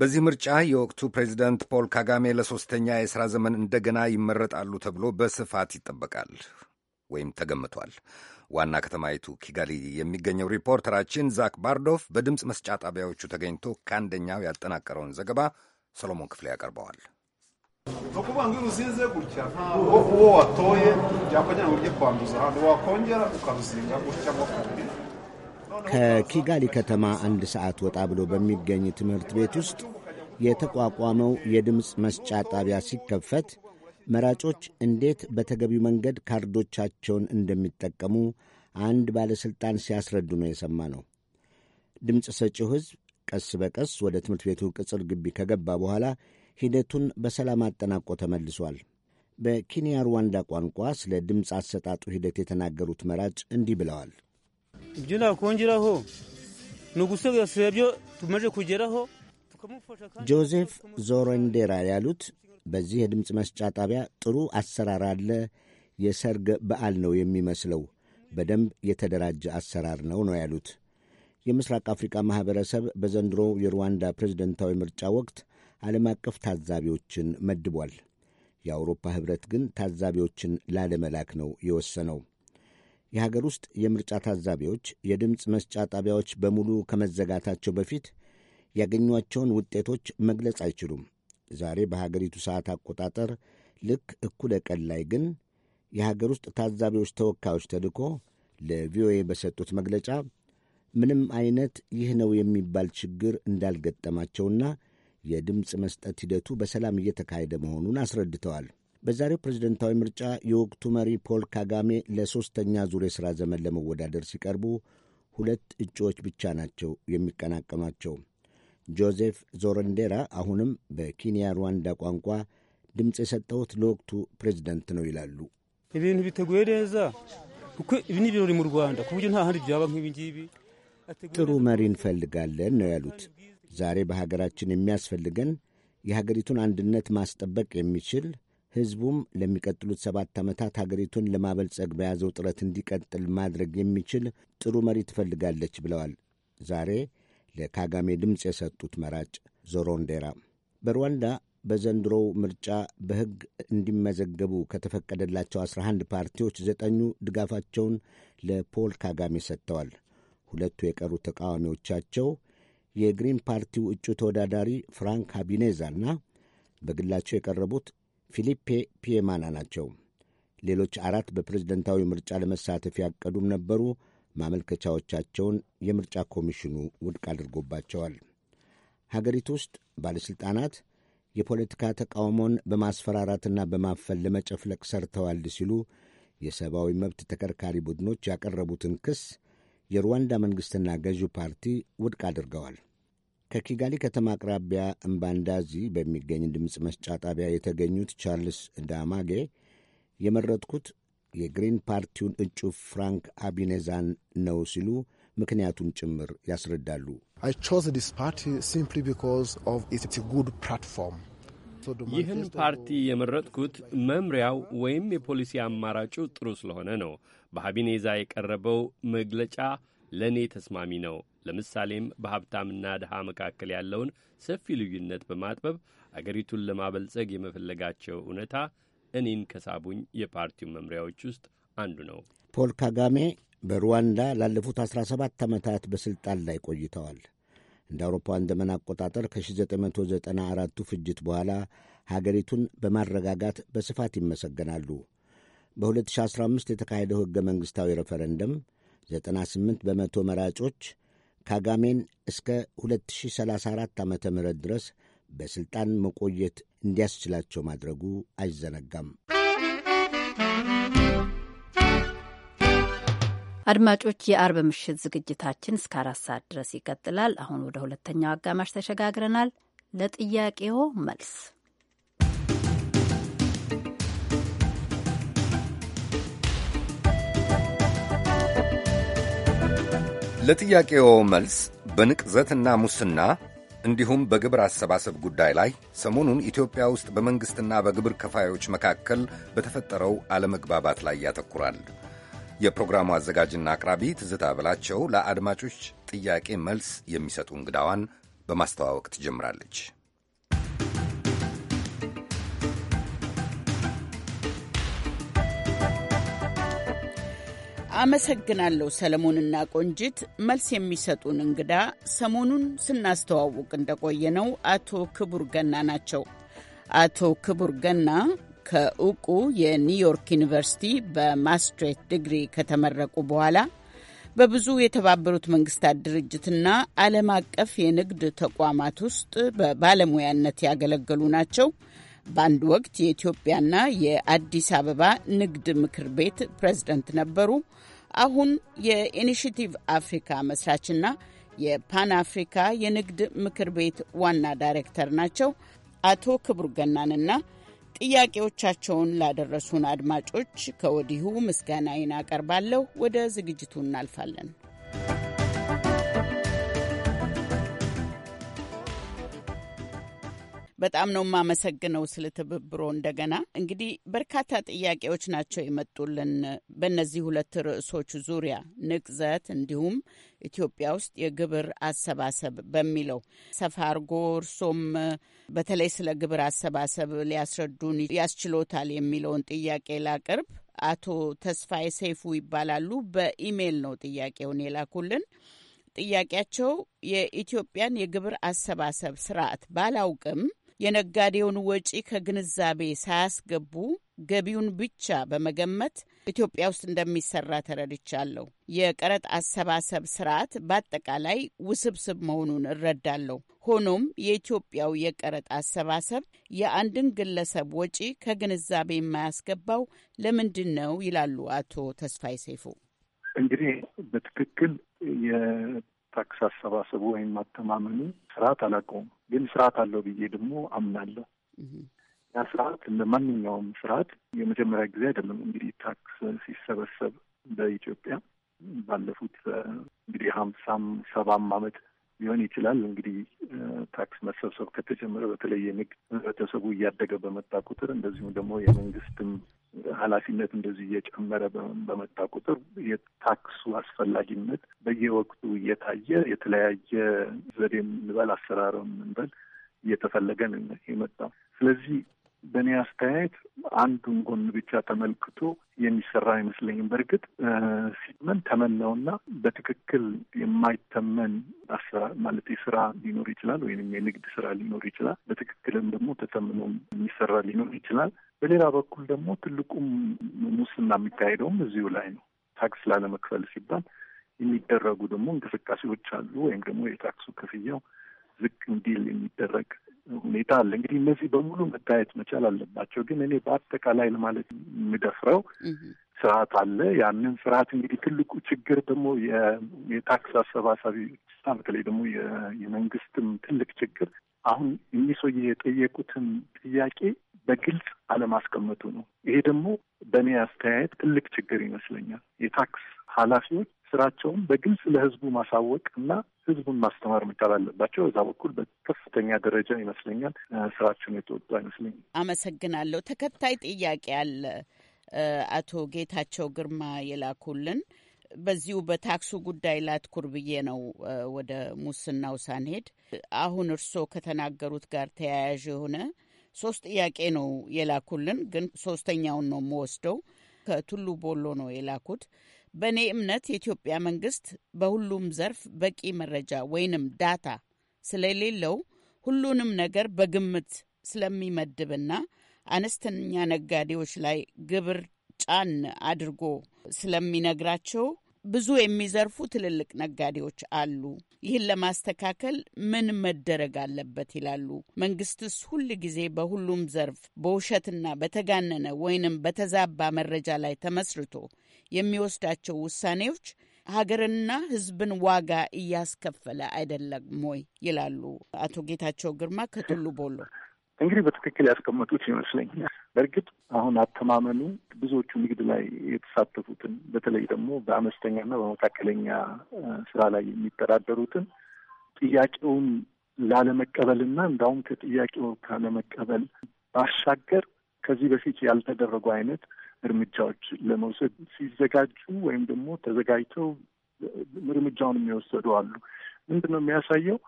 በዚህ ምርጫ የወቅቱ ፕሬዚደንት ፖል ካጋሜ ለሦስተኛ የሥራ ዘመን እንደገና ይመረጣሉ ተብሎ በስፋት ይጠበቃል ወይም ተገምቷል። ዋና ከተማይቱ ኪጋሊ የሚገኘው ሪፖርተራችን ዛክ ባርዶፍ በድምፅ መስጫ ጣቢያዎቹ ተገኝቶ ከአንደኛው ያጠናቀረውን ዘገባ ሰሎሞን ክፍሌ ያቀርበዋል። ngo iyo gutya ntabwo uwo watoye byakongera ngo ujye kwanduza ahantu wakongera ukaruzinga gutya nko kabiri ከኪጋሊ ከተማ አንድ ሰዓት ወጣ ብሎ በሚገኝ ትምህርት ቤት ውስጥ የተቋቋመው የድምፅ መስጫ ጣቢያ ሲከፈት መራጮች እንዴት በተገቢው መንገድ ካርዶቻቸውን እንደሚጠቀሙ አንድ ባለሥልጣን ሲያስረዱ ነው የሰማ ነው። ድምፅ ሰጪው ሕዝብ ቀስ በቀስ ወደ ትምህርት ቤቱ ቅጽር ግቢ ከገባ በኋላ ሂደቱን በሰላም አጠናቆ ተመልሷል። በኬንያ ሩዋንዳ ቋንቋ ስለ ድምፅ አሰጣጡ ሂደት የተናገሩት መራጭ እንዲህ ብለዋል። ጆዜፍ ዞሮንዴራ ያሉት በዚህ የድምፅ መስጫ ጣቢያ ጥሩ አሰራር አለ። የሰርግ በዓል ነው የሚመስለው። በደንብ የተደራጀ አሰራር ነው ነው ያሉት። የምስራቅ አፍሪካ ማኅበረሰብ በዘንድሮው የሩዋንዳ ፕሬዝደንታዊ ምርጫ ወቅት ዓለም አቀፍ ታዛቢዎችን መድቧል። የአውሮፓ ኅብረት ግን ታዛቢዎችን ላለመላክ ነው የወሰነው። የሀገር ውስጥ የምርጫ ታዛቢዎች የድምፅ መስጫ ጣቢያዎች በሙሉ ከመዘጋታቸው በፊት ያገኟቸውን ውጤቶች መግለጽ አይችሉም። ዛሬ በሀገሪቱ ሰዓት አቆጣጠር ልክ እኩለ ቀን ላይ ግን የሀገር ውስጥ ታዛቢዎች ተወካዮች ተልኮ ለቪኦኤ በሰጡት መግለጫ ምንም አይነት ይህ ነው የሚባል ችግር እንዳልገጠማቸውና የድምፅ መስጠት ሂደቱ በሰላም እየተካሄደ መሆኑን አስረድተዋል። በዛሬው ፕሬዝደንታዊ ምርጫ የወቅቱ መሪ ፖል ካጋሜ ለሦስተኛ ዙር የሥራ ዘመን ለመወዳደር ሲቀርቡ ሁለት እጩዎች ብቻ ናቸው የሚቀናቀኗቸው። ጆዜፍ ዞረንዴራ አሁንም በኬንያ ሩዋንዳ ቋንቋ ድምፅ የሰጠሁት ለወቅቱ ፕሬዝደንት ነው ይላሉ። ጥሩ መሪ እንፈልጋለን ነው ያሉት። ዛሬ በሀገራችን የሚያስፈልገን የሀገሪቱን አንድነት ማስጠበቅ የሚችል ሕዝቡም ለሚቀጥሉት ሰባት ዓመታት ሀገሪቱን ለማበልጸግ በያዘው ጥረት እንዲቀጥል ማድረግ የሚችል ጥሩ መሪ ትፈልጋለች ብለዋል ዛሬ ለካጋሜ ድምፅ የሰጡት መራጭ ዞሮንዴራ። በሩዋንዳ በዘንድሮው ምርጫ በሕግ እንዲመዘገቡ ከተፈቀደላቸው 11 ፓርቲዎች ዘጠኙ ድጋፋቸውን ለፖል ካጋሜ ሰጥተዋል። ሁለቱ የቀሩ ተቃዋሚዎቻቸው የግሪን ፓርቲው እጩ ተወዳዳሪ ፍራንክ ሀቢኔዛና በግላቸው የቀረቡት ፊሊፔ ፒየማና ናቸው። ሌሎች አራት በፕሬዝደንታዊ ምርጫ ለመሳተፍ ያቀዱም ነበሩ። ማመልከቻዎቻቸውን የምርጫ ኮሚሽኑ ውድቅ አድርጎባቸዋል። ሀገሪቱ ውስጥ ባለሥልጣናት የፖለቲካ ተቃውሞን በማስፈራራትና በማፈል ለመጨፍለቅ ሰርተዋል ሲሉ የሰብአዊ መብት ተከርካሪ ቡድኖች ያቀረቡትን ክስ የሩዋንዳ መንግሥትና ገዢው ፓርቲ ውድቅ አድርገዋል። ከኪጋሊ ከተማ አቅራቢያ እምባንዳዚ በሚገኝ ድምፅ መስጫ ጣቢያ የተገኙት ቻርልስ ዳማጌ የመረጥኩት የግሪን ፓርቲውን እጩ ፍራንክ አቢኔዛን ነው ሲሉ ምክንያቱን ጭምር ያስረዳሉ። ይህን ፓርቲ የመረጥኩት መምሪያው ወይም የፖሊሲ አማራጩ ጥሩ ስለሆነ ነው። በሀቢኔዛ የቀረበው መግለጫ ለእኔ ተስማሚ ነው። ለምሳሌም በሀብታምና ድሃ መካከል ያለውን ሰፊ ልዩነት በማጥበብ አገሪቱን ለማበልጸግ የመፈለጋቸው እውነታ እኔን ከሳቡኝ የፓርቲው መምሪያዎች ውስጥ አንዱ ነው። ፖል ካጋሜ በሩዋንዳ ላለፉት 17 ዓመታት በሥልጣን ላይ ቆይተዋል። እንደ አውሮፓውያን ዘመን አቆጣጠር ከ1994ቱ ፍጅት በኋላ ሀገሪቱን በማረጋጋት በስፋት ይመሰገናሉ። በ2015 የተካሄደው ሕገ መንግሥታዊ ሬፈረንደም 98 በመቶ መራጮች ካጋሜን እስከ 2034 ዓ ም ድረስ በሥልጣን መቆየት እንዲያስችላቸው ማድረጉ አይዘነጋም። አድማጮች የአርብ ምሽት ዝግጅታችን እስከ አራት ሰዓት ድረስ ይቀጥላል። አሁን ወደ ሁለተኛው አጋማሽ ተሸጋግረናል። ለጥያቄው መልስ ለጥያቄው መልስ በንቅዘትና ሙስና እንዲሁም በግብር አሰባሰብ ጉዳይ ላይ ሰሞኑን ኢትዮጵያ ውስጥ በመንግሥትና በግብር ከፋዮች መካከል በተፈጠረው አለመግባባት ላይ ያተኩራል። የፕሮግራሙ አዘጋጅና አቅራቢ ትዝታ ብላቸው ለአድማጮች ጥያቄ መልስ የሚሰጡ እንግዳዋን በማስተዋወቅ ትጀምራለች። አመሰግናለሁ ሰለሞንና ቆንጂት። መልስ የሚሰጡን እንግዳ ሰሞኑን ስናስተዋውቅ እንደቆየ ነው አቶ ክቡር ገና ናቸው። አቶ ክቡር ገና ከእውቁ የኒውዮርክ ዩኒቨርሲቲ በማስትሬት ዲግሪ ከተመረቁ በኋላ በብዙ የተባበሩት መንግስታት ድርጅትና ዓለም አቀፍ የንግድ ተቋማት ውስጥ በባለሙያነት ያገለገሉ ናቸው። በአንድ ወቅት የኢትዮጵያና የአዲስ አበባ ንግድ ምክር ቤት ፕሬዝደንት ነበሩ። አሁን የኢኒሽቲቭ አፍሪካ መስራችና የፓን አፍሪካ የንግድ ምክር ቤት ዋና ዳይሬክተር ናቸው። አቶ ክቡር ገናንና ጥያቄዎቻቸውን ላደረሱን አድማጮች ከወዲሁ ምስጋናዬን አቀርባለሁ። ወደ ዝግጅቱ እናልፋለን። በጣም ነው የማመሰግነው ስለ ትብብሮ። እንደገና እንግዲህ በርካታ ጥያቄዎች ናቸው የመጡልን በእነዚህ ሁለት ርዕሶች ዙሪያ ንቅዘት፣ እንዲሁም ኢትዮጵያ ውስጥ የግብር አሰባሰብ በሚለው ሰፋ አርጎ እርሶም በተለይ ስለ ግብር አሰባሰብ ሊያስረዱን ያስችሎታል የሚለውን ጥያቄ ላቅርብ። አቶ ተስፋዬ ሰይፉ ይባላሉ። በኢሜል ነው ጥያቄውን የላኩልን። ጥያቄያቸው የኢትዮጵያን የግብር አሰባሰብ ስርዓት ባላውቅም የነጋዴውን ወጪ ከግንዛቤ ሳያስገቡ ገቢውን ብቻ በመገመት ኢትዮጵያ ውስጥ እንደሚሰራ ተረድቻለሁ። የቀረጥ አሰባሰብ ስርዓት በአጠቃላይ ውስብስብ መሆኑን እረዳለሁ። ሆኖም የኢትዮጵያው የቀረጥ አሰባሰብ የአንድን ግለሰብ ወጪ ከግንዛቤ የማያስገባው ለምንድን ነው ይላሉ አቶ ተስፋይ ሰይፉ። እንግዲህ በትክክል ታክስ አሰባሰቡ ወይም ማተማመኑ ስርዓት አላውቀውም፣ ግን ስርዓት አለው ብዬ ደግሞ አምናለሁ። ያ ስርዓት እንደ ማንኛውም ስርዓት የመጀመሪያ ጊዜ አይደለም እንግዲህ ታክስ ሲሰበሰብ በኢትዮጵያ ባለፉት እንግዲህ ሀምሳም ሰባም ዓመት ሊሆን ይችላል። እንግዲህ ታክስ መሰብሰብ ከተጀመረ በተለይ የንግድ ህብረተሰቡ እያደገ በመጣ ቁጥር እንደዚሁም ደግሞ የመንግስትም ኃላፊነት እንደዚህ እየጨመረ በመጣ ቁጥር የታክሱ አስፈላጊነት በየወቅቱ እየታየ የተለያየ ዘዴም እንበል አሰራርም እንበል እየተፈለገ የመጣው። ስለዚህ በእኔ አስተያየት አንዱን ጎን ብቻ ተመልክቶ የሚሰራ አይመስለኝም። በእርግጥ ሲመን ተመን በትክክል የማይተመን ማለት የስራ ሊኖር ይችላል፣ ወይም የንግድ ስራ ሊኖር ይችላል። በትክክልም ደግሞ ተተምኖ የሚሰራ ሊኖር ይችላል። በሌላ በኩል ደግሞ ትልቁም ሙስና የሚካሄደውም እዚሁ ላይ ነው። ታክስ ላለመክፈል ሲባል የሚደረጉ ደግሞ እንቅስቃሴዎች አሉ፣ ወይም ደግሞ የታክሱ ክፍያው ዝቅ እንዲል የሚደረግ ሁኔታ አለ። እንግዲህ እነዚህ በሙሉ መታየት መቻል አለባቸው። ግን እኔ በአጠቃላይ ለማለት የምደፍረው ስርዓት አለ። ያንን ስርዓት እንግዲህ ትልቁ ችግር ደግሞ የታክስ አሰባሳቢ በተለይ ደግሞ የመንግስትም ትልቅ ችግር አሁን እኚህ ሰውዬ የጠየቁትን ጥያቄ በግልጽ አለማስቀመጡ ነው። ይሄ ደግሞ በእኔ አስተያየት ትልቅ ችግር ይመስለኛል። የታክስ ኃላፊዎች ስራቸውን በግልጽ ለህዝቡ ማሳወቅ እና ህዝቡን ማስተማር መቻል አለባቸው። እዛ በኩል በከፍተኛ ደረጃ ይመስለኛል ስራቸውን የተወጡ አይመስለኝም። አመሰግናለሁ። ተከታይ ጥያቄ አለ። አቶ ጌታቸው ግርማ የላኩልን በዚሁ በታክሱ ጉዳይ ላትኩር ብዬ ነው። ወደ ሙስናው ሳንሄድ አሁን እርስዎ ከተናገሩት ጋር ተያያዥ የሆነ ሶስት ጥያቄ ነው የላኩልን፣ ግን ሶስተኛውን ነው የምወስደው። ከቱሉ ቦሎ ነው የላኩት በእኔ እምነት የኢትዮጵያ መንግስት በሁሉም ዘርፍ በቂ መረጃ ወይንም ዳታ ስለሌለው ሁሉንም ነገር በግምት ስለሚመድብና አነስተኛ ነጋዴዎች ላይ ግብር ጫን አድርጎ ስለሚነግራቸው ብዙ የሚዘርፉ ትልልቅ ነጋዴዎች አሉ። ይህን ለማስተካከል ምን መደረግ አለበት ይላሉ? መንግስትስ ሁል ጊዜ በሁሉም ዘርፍ በውሸትና በተጋነነ ወይንም በተዛባ መረጃ ላይ ተመስርቶ የሚወስዳቸው ውሳኔዎች ሀገርና ሕዝብን ዋጋ እያስከፈለ አይደለም ወይ ይላሉ አቶ ጌታቸው ግርማ ከቱሉ ቦሎ። እንግዲህ በትክክል ያስቀመጡት ይመስለኛል። በእርግጥ አሁን አተማመኑ ብዙዎቹ ንግድ ላይ የተሳተፉትን በተለይ ደግሞ በአነስተኛና በመካከለኛ ስራ ላይ የሚተዳደሩትን ጥያቄውን ላለመቀበልና እንዳውም ከጥያቄው ካለመቀበል ባሻገር ከዚህ በፊት ያልተደረጉ አይነት እርምጃዎች ለመውሰድ ሲዘጋጁ ወይም ደግሞ ተዘጋጅተው እርምጃውን የሚወሰዱ አሉ። ምንድን ነው የሚያሳየው?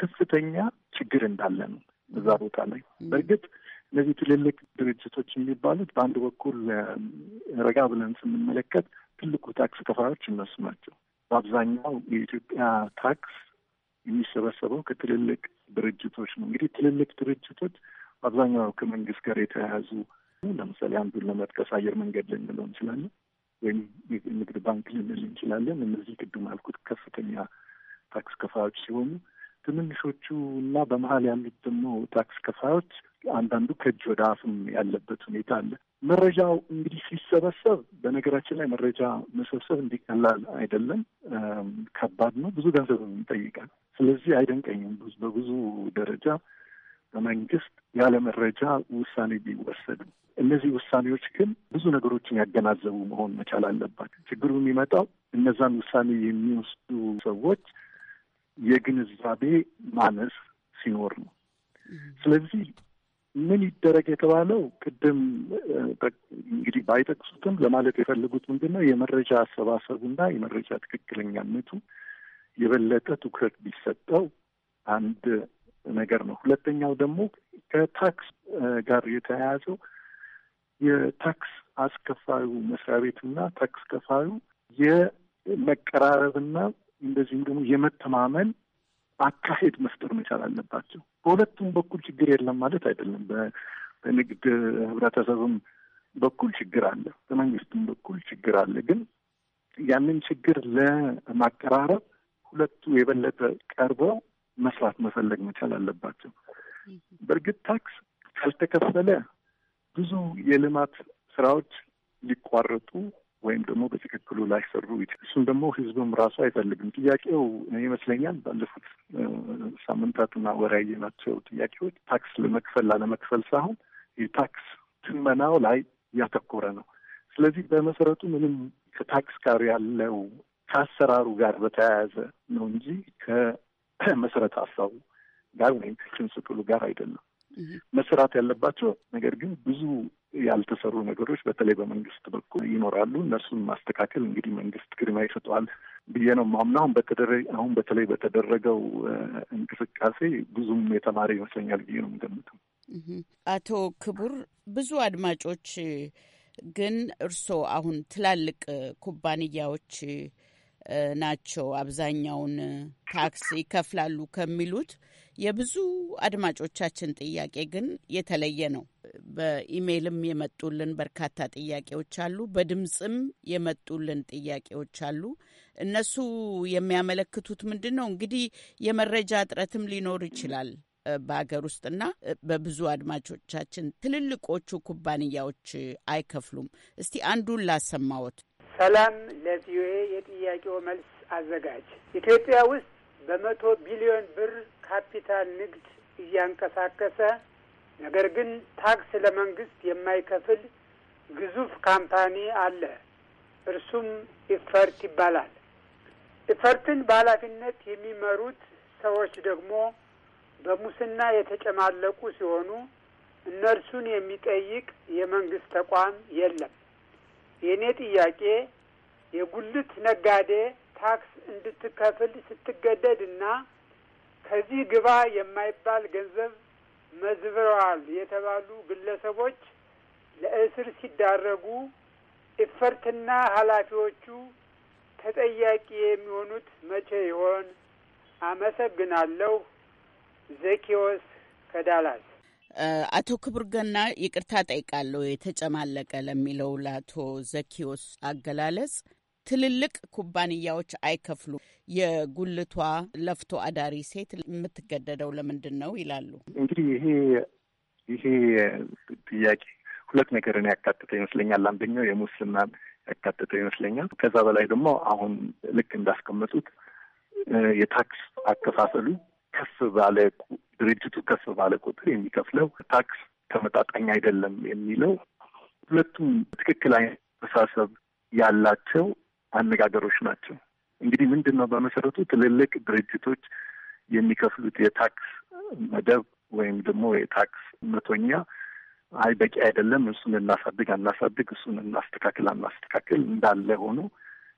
ከፍተኛ ችግር እንዳለ ነው እዛ ቦታ ላይ። በእርግጥ እነዚህ ትልልቅ ድርጅቶች የሚባሉት በአንድ በኩል ረጋ ብለን ስንመለከት ትልቁ ታክስ ከፋዮች እነሱ ናቸው። በአብዛኛው የኢትዮጵያ ታክስ የሚሰበሰበው ከትልልቅ ድርጅቶች ነው። እንግዲህ ትልልቅ ድርጅቶች በአብዛኛው ከመንግስት ጋር የተያያዙ ለምሳሌ አንዱን ለመጥቀስ አየር መንገድ ልንለው እንችላለን፣ ወይም ንግድ ባንክ ልንል እንችላለን። እነዚህ ቅድም አልኩት ከፍተኛ ታክስ ከፋዮች ሲሆኑ ትንንሾቹ እና በመሀል ያሉት ደግሞ ታክስ ከፋዮች አንዳንዱ ከእጅ ወደ አፍም ያለበት ሁኔታ አለ። መረጃው እንግዲህ ሲሰበሰብ፣ በነገራችን ላይ መረጃ መሰብሰብ እንዲቀላል አይደለም፣ ከባድ ነው፣ ብዙ ገንዘብም ይጠይቃል። ስለዚህ አይደንቀኝም በብዙ ደረጃ በመንግስት ያለ መረጃ ውሳኔ ቢወሰድ እነዚህ ውሳኔዎች ግን ብዙ ነገሮችን ያገናዘቡ መሆን መቻል አለባቸው። ችግሩ የሚመጣው እነዛን ውሳኔ የሚወስዱ ሰዎች የግንዛቤ ማነስ ሲኖር ነው። ስለዚህ ምን ይደረግ የተባለው ቅድም እንግዲህ ባይጠቅሱትም ለማለት የፈለጉት ምንድን ነው የመረጃ አሰባሰቡና የመረጃ ትክክለኛነቱ የበለጠ ትኩረት ቢሰጠው አንድ ነገር ነው። ሁለተኛው ደግሞ ከታክስ ጋር የተያያዘው የታክስ አስከፋዩ መስሪያ ቤትና ታክስ ከፋዩ የመቀራረብና እንደዚሁም ደግሞ የመተማመን አካሄድ መፍጠር መቻል አለባቸው። በሁለቱም በኩል ችግር የለም ማለት አይደለም። በንግድ ህብረተሰብም በኩል ችግር አለ፣ በመንግስትም በኩል ችግር አለ። ግን ያንን ችግር ለማቀራረብ ሁለቱ የበለጠ ቀርበው መስራት መፈለግ መቻል አለባቸው። በእርግጥ ታክስ ካልተከፈለ ብዙ የልማት ስራዎች ሊቋረጡ ወይም ደግሞ በትክክሉ ላይሰሩ እሱም ደግሞ ህዝብም ራሱ አይፈልግም። ጥያቄው ይመስለኛል ባለፉት ሳምንታትና ወራዬ ናቸው ጥያቄዎች ታክስ ለመክፈል ላለመክፈል ሳይሆን የታክስ ትመናው ላይ ያተኮረ ነው። ስለዚህ በመሰረቱ ምንም ከታክስ ጋር ያለው ከአሰራሩ ጋር በተያያዘ ነው እንጂ መሰረት ሀሳቡ ጋር ወይም ፕሪንስፕሉ ጋር አይደለም መስራት ያለባቸው። ነገር ግን ብዙ ያልተሰሩ ነገሮች በተለይ በመንግስት በኩል ይኖራሉ። እነሱን ማስተካከል እንግዲህ መንግስት ቅድሚያ ይሰጠዋል ብዬ ነው ማምን። አሁን አሁን በተለይ በተደረገው እንቅስቃሴ ብዙም የተማረ ይመስለኛል ብዬ ነው የምገምተው። አቶ ክቡር ብዙ አድማጮች ግን እርስዎ አሁን ትላልቅ ኩባንያዎች ናቸው አብዛኛውን ታክስ ይከፍላሉ ከሚሉት የብዙ አድማጮቻችን ጥያቄ ግን የተለየ ነው። በኢሜይልም የመጡልን በርካታ ጥያቄዎች አሉ። በድምፅም የመጡልን ጥያቄዎች አሉ። እነሱ የሚያመለክቱት ምንድን ነው? እንግዲህ የመረጃ እጥረትም ሊኖር ይችላል በሀገር ውስጥና በብዙ አድማጮቻችን ትልልቆቹ ኩባንያዎች አይከፍሉም። እስቲ አንዱን ላሰማዎት። ሰላም ለቪኦኤ የጥያቄው መልስ አዘጋጅ። ኢትዮጵያ ውስጥ በመቶ ቢሊዮን ብር ካፒታል ንግድ እያንቀሳቀሰ ነገር ግን ታክስ ለመንግስት የማይከፍል ግዙፍ ካምፓኒ አለ። እርሱም ኢፈርት ይባላል። ኢፈርትን በኃላፊነት የሚመሩት ሰዎች ደግሞ በሙስና የተጨማለቁ ሲሆኑ እነርሱን የሚጠይቅ የመንግስት ተቋም የለም። የእኔ ጥያቄ የጉልት ነጋዴ ታክስ እንድትከፍል ስትገደድ እና ከዚህ ግባ የማይባል ገንዘብ መዝብረዋል የተባሉ ግለሰቦች ለእስር ሲዳረጉ ኢፈርትና ኃላፊዎቹ ተጠያቂ የሚሆኑት መቼ ይሆን? አመሰግናለሁ። ዘኪዎስ ከዳላስ አቶ ክቡር ገና ይቅርታ ጠይቃለሁ የተጨማለቀ ለሚለው ለአቶ ዘኪዎስ አገላለጽ ትልልቅ ኩባንያዎች አይከፍሉ የጉልቷ ለፍቶ አዳሪ ሴት የምትገደደው ለምንድን ነው ይላሉ። እንግዲህ ይሄ ይሄ ጥያቄ ሁለት ነገርን ያካትተው ይመስለኛል። አንደኛው የሙስና ያካትተው ይመስለኛል። ከዛ በላይ ደግሞ አሁን ልክ እንዳስቀመጡት የታክስ አከፋፈሉ ከፍ ባለ ድርጅቱ ከፍ ባለ ቁጥር የሚከፍለው ታክስ ተመጣጣኝ አይደለም የሚለው ሁለቱም ትክክል አይነት አስተሳሰብ ያላቸው አነጋገሮች ናቸው። እንግዲህ ምንድን ነው በመሰረቱ ትልልቅ ድርጅቶች የሚከፍሉት የታክስ መደብ ወይም ደግሞ የታክስ መቶኛ አይ በቂ አይደለም፣ እሱን እናሳድግ አናሳድግ፣ እሱን እናስተካክል አናስተካክል እንዳለ ሆኖ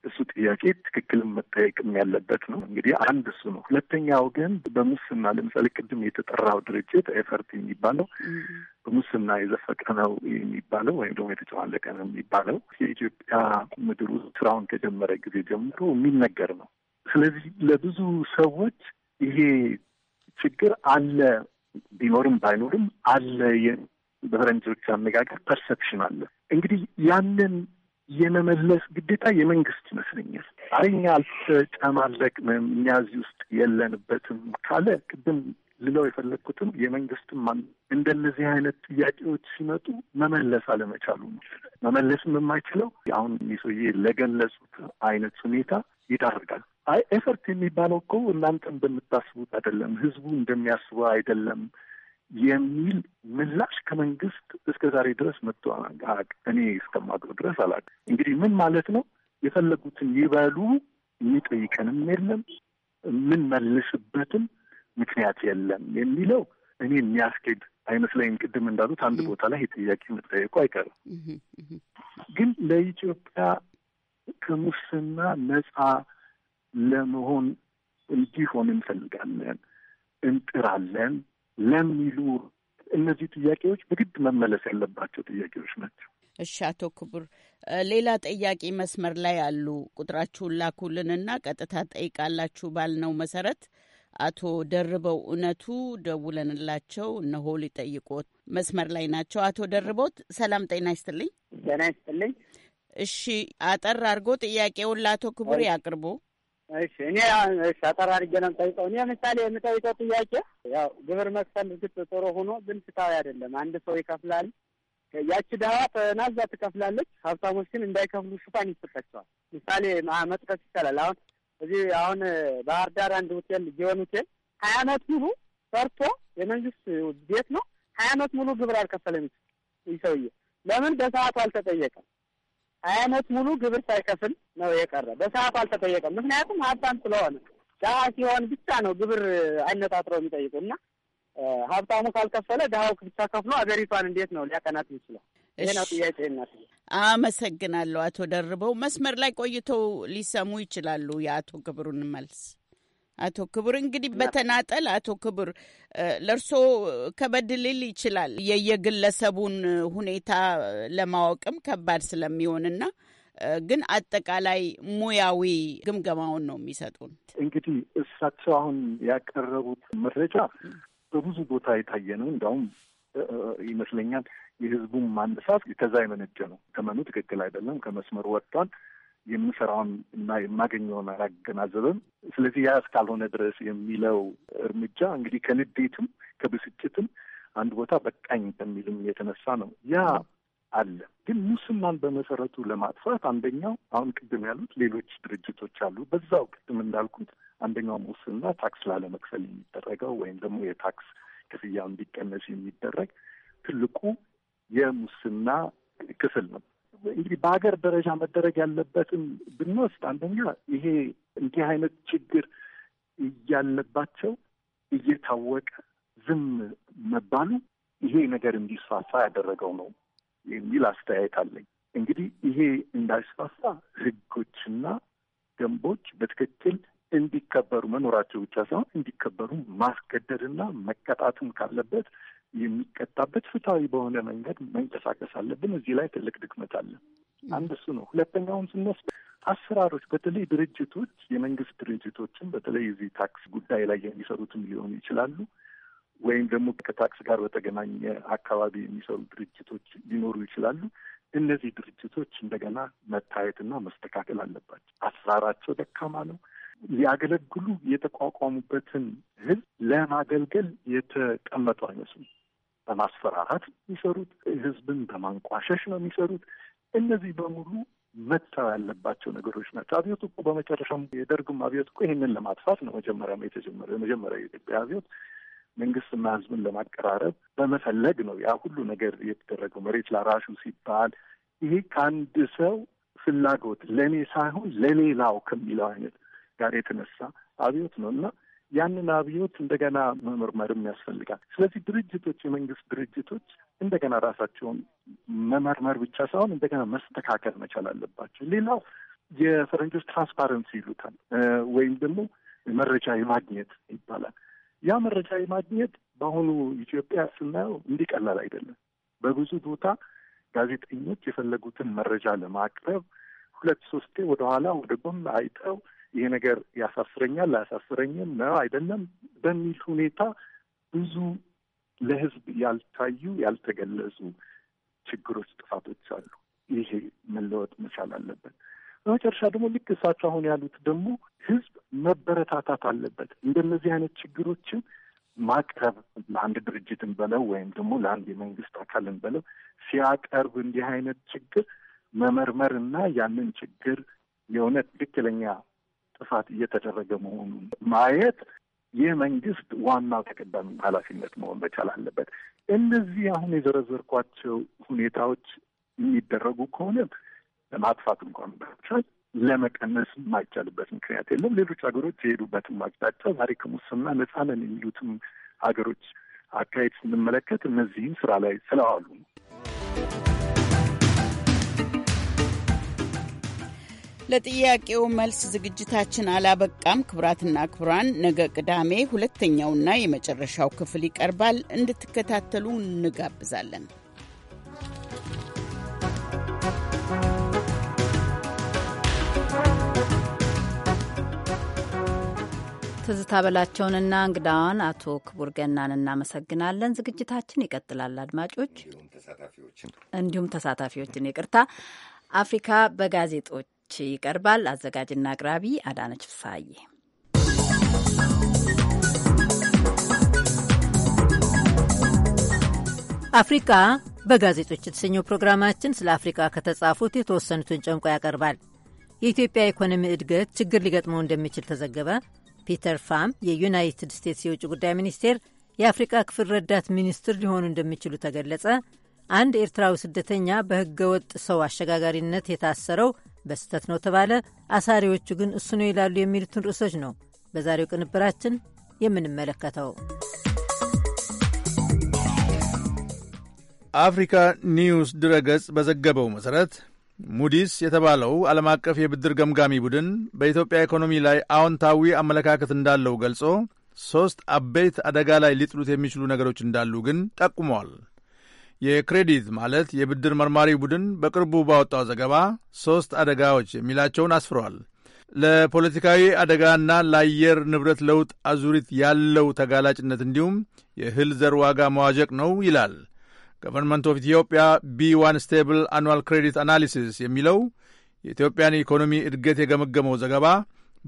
እሱ ጥያቄ ትክክልም መጠየቅም ያለበት ነው። እንግዲህ አንድ እሱ ነው። ሁለተኛው ግን በሙስና ለምሳሌ ቅድም የተጠራው ድርጅት ኤፈርት የሚባለው በሙስና የዘፈቀ ነው የሚባለው ወይም ደግሞ የተጨዋለቀ ነው የሚባለው የኢትዮጵያ ምድሩ ስራውን ከጀመረ ጊዜ ጀምሮ የሚነገር ነው። ስለዚህ ለብዙ ሰዎች ይሄ ችግር አለ ቢኖርም ባይኖርም አለ በፈረንጆች አነጋገር ፐርሰፕሽን አለ። እንግዲህ ያንን የመመለስ ግዴታ የመንግስት ይመስለኛል። እኛ አልተጨማለቅንም፣ እኛ እዚህ ውስጥ የለንበትም ካለ ቅድም ልለው የፈለግኩትም የመንግስትም እንደነዚህ አይነት ጥያቄዎች ሲመጡ መመለስ አለመቻሉ ነው። መመለስም የማይችለው አሁን ሰውዬ ለገለጹት አይነት ሁኔታ ይዳርጋል። አይ ኤፈርት የሚባለው እኮ እናንተ እንደምታስቡት አይደለም፣ ህዝቡ እንደሚያስበው አይደለም የሚል ምላሽ ከመንግስት እስከ ዛሬ ድረስ መጥቶ እኔ እስከማውቀው ድረስ አላቅ። እንግዲህ ምን ማለት ነው? የፈለጉትን ይበሉ፣ የሚጠይቀንም የለም፣ የምንመልስበትም ምክንያት የለም የሚለው እኔ የሚያስኬድ አይመስለኝም። ቅድም እንዳሉት አንድ ቦታ ላይ የጥያቄ መጠየቁ አይቀርም። ግን ለኢትዮጵያ ከሙስና ነፃ ለመሆን እንዲሆን እንፈልጋለን፣ እንጥራለን ለሚሉ እነዚህ ጥያቄዎች በግድ መመለስ ያለባቸው ጥያቄዎች ናቸው። እሺ አቶ ክቡር፣ ሌላ ጠያቂ መስመር ላይ አሉ። ቁጥራችሁን ላኩልንና ቀጥታ ጠይቃላችሁ ባልነው መሰረት አቶ ደርበው እውነቱ ደውለንላቸው እነሆ ሊጠይቆት መስመር ላይ ናቸው። አቶ ደርበውት ሰላም ጤና ይስጥልኝ። ጤና ይስጥልኝ። እሺ አጠር አድርጎ ጥያቄውን ለአቶ ክቡር ያቅርቡ። እሺ እኔ እሺ አጠራ አድርጌ ነው የምጠይቀው። እኔ ምሳሌ የምጠይቀው ጥያቄ ያው ግብር መክፈል እርግጥ ጥሩ ሆኖ ግን ፍትሐዊ አይደለም። አንድ ሰው ይከፍላል፣ ያቺ ድሃዋ ተናዛ ትከፍላለች፣ ሀብታሞች ግን እንዳይከፍሉ ሽፋን ይሰጣቸዋል። ምሳሌ መጥቀስ ይቻላል። አሁን እዚህ አሁን ባህር ዳር አንድ ሆቴል ጊዮን ሆቴል ሀያ አመት ሙሉ ሰርቶ የመንግስት ቤት ነው ሀያ አመት ሙሉ ግብር አልከፈለም ይህ ለምን በሰዓቱ አልተጠየቀም? ሀያ ሙሉ ግብር ሳይከፍል ነው የቀረ። በሰዓቱ አልተጠየቀም። ምክንያቱም ሀብታም ስለሆነ ድሀ ሲሆን ብቻ ነው ግብር አነጣጥረው የሚጠይቁ እና ሀብታሙ ካልከፈለ ድሀው ብቻ ከፍሎ ሀገሪቷን እንዴት ነው ሊያቀናት የሚችለው? ነው ጥያቄ ናት። አመሰግናለሁ አቶ ደርበው። መስመር ላይ ቆይተው ሊሰሙ ይችላሉ የአቶ ግብሩን መልስ። አቶ ክቡር እንግዲህ በተናጠል አቶ ክቡር ለእርሶ ከበድ ሊል ይችላል የየግለሰቡን ሁኔታ ለማወቅም ከባድ ስለሚሆንና ግን አጠቃላይ ሙያዊ ግምገማውን ነው የሚሰጡን። እንግዲህ እሳቸው አሁን ያቀረቡት መረጃ በብዙ ቦታ የታየ ነው። እንዲያውም ይመስለኛል የህዝቡን ማነሳት ከዛ የመነጨ ነው። ተመኑ ትክክል አይደለም፣ ከመስመሩ ወጥቷል። የምሰራውን እና የማገኘውን አላገናዘብም። ስለዚህ ያ እስካልሆነ ድረስ የሚለው እርምጃ እንግዲህ ከንዴትም ከብስጭትም አንድ ቦታ በቃኝ ከሚልም የተነሳ ነው። ያ አለ። ግን ሙስናን በመሰረቱ ለማጥፋት አንደኛው አሁን ቅድም ያሉት ሌሎች ድርጅቶች አሉ። በዛው ቅድም እንዳልኩት አንደኛው ሙስና ታክስ ላለመክፈል የሚደረገው ወይም ደግሞ የታክስ ክፍያው እንዲቀነስ የሚደረግ ትልቁ የሙስና ክፍል ነው። እንግዲህ በሀገር ደረጃ መደረግ ያለበትን ብንወስድ አንደኛ ይሄ እንዲህ አይነት ችግር እያለባቸው እየታወቀ ዝም መባሉ ይሄ ነገር እንዲስፋፋ ያደረገው ነው የሚል አስተያየት አለኝ። እንግዲህ ይሄ እንዳይስፋፋ ህጎችና ደንቦች በትክክል እንዲከበሩ መኖራቸው ብቻ ሳይሆን እንዲከበሩ ማስገደድና መቀጣትም ካለበት የሚቀጣበት ፍትሐዊ በሆነ መንገድ መንቀሳቀስ አለብን። እዚህ ላይ ትልቅ ድክመት አለ። አንድ እሱ ነው። ሁለተኛውን ስንወስድ አሰራሮች በተለይ ድርጅቶች የመንግስት ድርጅቶችን በተለይ እዚህ ታክስ ጉዳይ ላይ የሚሰሩትም ሊሆኑ ይችላሉ ወይም ደግሞ ከታክስ ጋር በተገናኘ አካባቢ የሚሰሩ ድርጅቶች ሊኖሩ ይችላሉ። እነዚህ ድርጅቶች እንደገና መታየትና መስተካከል አለባቸው። አሰራራቸው ደካማ ነው። ሊያገለግሉ የተቋቋሙበትን ህዝብ ለማገልገል የተቀመጡ አይመስሉም። በማስፈራራት የሚሰሩት ህዝብን በማንቋሸሽ ነው የሚሰሩት። እነዚህ በሙሉ መታ ያለባቸው ነገሮች ናቸው። አብዮት እኮ በመጨረሻም የደርግም አብዮት እኮ ይህንን ለማጥፋት ነው መጀመሪያ የተጀመረ የመጀመሪያ የኢትዮጵያ አብዮት መንግስትና ህዝብን ለማቀራረብ በመፈለግ ነው ያ ሁሉ ነገር የተደረገው። መሬት ላራሹ ሲባል ይሄ ከአንድ ሰው ፍላጎት ለእኔ ሳይሆን ለሌላው ከሚለው አይነት ጋር የተነሳ አብዮት ነው እና ያንን አብዮት እንደገና መመርመርም ያስፈልጋል። ስለዚህ ድርጅቶች፣ የመንግስት ድርጅቶች እንደገና ራሳቸውን መመርመር ብቻ ሳይሆን እንደገና መስተካከል መቻል አለባቸው። ሌላው የፈረንጆች ትራንስፓረንሲ ይሉታል ወይም ደግሞ መረጃ የማግኘት ይባላል። ያ መረጃ የማግኘት በአሁኑ ኢትዮጵያ ስናየው እንዲህ ቀላል አይደለም። በብዙ ቦታ ጋዜጠኞች የፈለጉትን መረጃ ለማቅረብ ሁለት ሶስቴ ወደኋላ ወደ ጎን አይተው ይሄ ነገር ያሳስረኛል፣ አያሳስረኝም ነው አይደለም በሚል ሁኔታ ብዙ ለህዝብ ያልታዩ ያልተገለጹ ችግሮች፣ ጥፋቶች አሉ። ይሄ መለወጥ መቻል አለበት። በመጨረሻ ደግሞ ልክ እሳቸው አሁን ያሉት ደግሞ ህዝብ መበረታታት አለበት እንደነዚህ አይነት ችግሮችን ማቅረብ ለአንድ ድርጅትን በለው ወይም ደግሞ ለአንድ የመንግስት አካልን በለው ሲያቀርብ እንዲህ አይነት ችግር መመርመር እና ያንን ችግር የእውነት ትክክለኛ ጥፋት እየተደረገ መሆኑን ማየት ይህ መንግስት ዋናው ተቀዳሚ ኃላፊነት መሆን መቻል አለበት። እነዚህ አሁን የዘረዘርኳቸው ሁኔታዎች የሚደረጉ ከሆነ ለማጥፋት እንኳን ባይቻል ለመቀነስ የማይቻልበት ምክንያት የለም። ሌሎች ሀገሮች የሄዱበትን ማቅጣጫ ዛሬ ከሙስና ነፃ ነን የሚሉትም ሀገሮች አካሄድ ስንመለከት እነዚህም ስራ ላይ ስለዋሉ ለጥያቄው መልስ ዝግጅታችን አላበቃም። ክቡራትና ክቡራን፣ ነገ ቅዳሜ ሁለተኛውና የመጨረሻው ክፍል ይቀርባል። እንድትከታተሉ እንጋብዛለን። ትዝታ በላቸውንና እንግዳዋን አቶ ክቡር ገናን እናመሰግናለን። ዝግጅታችን ይቀጥላል። አድማጮች እንዲሁም ተሳታፊዎችን ይቅርታ አፍሪካ በጋዜጦች ይቀርባል። አዘጋጅና አቅራቢ አዳነች ፍሳዬ። አፍሪካ በጋዜጦች የተሰኘው ፕሮግራማችን ስለ አፍሪካ ከተጻፉት የተወሰኑትን ጨምቆ ያቀርባል። የኢትዮጵያ ኢኮኖሚ እድገት ችግር ሊገጥመው እንደሚችል ተዘገበ። ፒተር ፋም የዩናይትድ ስቴትስ የውጭ ጉዳይ ሚኒስቴር የአፍሪቃ ክፍል ረዳት ሚኒስትር ሊሆኑ እንደሚችሉ ተገለጸ። አንድ ኤርትራዊ ስደተኛ በሕገ ወጥ ሰው አሸጋጋሪነት የታሰረው በስህተት ነው ተባለ፣ አሳሪዎቹ ግን እሱ ነው ይላሉ የሚሉትን ርዕሶች ነው በዛሬው ቅንብራችን የምንመለከተው። አፍሪካ ኒውስ ድረገጽ በዘገበው መሠረት ሙዲስ የተባለው ዓለም አቀፍ የብድር ገምጋሚ ቡድን በኢትዮጵያ ኢኮኖሚ ላይ አዎንታዊ አመለካከት እንዳለው ገልጾ ሦስት አበይት አደጋ ላይ ሊጥሉት የሚችሉ ነገሮች እንዳሉ ግን ጠቁመዋል። የክሬዲት ማለት የብድር መርማሪ ቡድን በቅርቡ ባወጣው ዘገባ ሦስት አደጋዎች የሚላቸውን አስፍሯል። ለፖለቲካዊ አደጋና ለአየር ንብረት ለውጥ አዙሪት ያለው ተጋላጭነት እንዲሁም የእህል ዘር ዋጋ መዋዠቅ ነው ይላል። ገቨርንመንት ኦፍ ኢትዮጵያ ቢ ዋን ስቴብል አኑዋል ክሬዲት አናሊሲስ የሚለው የኢትዮጵያን ኢኮኖሚ እድገት የገመገመው ዘገባ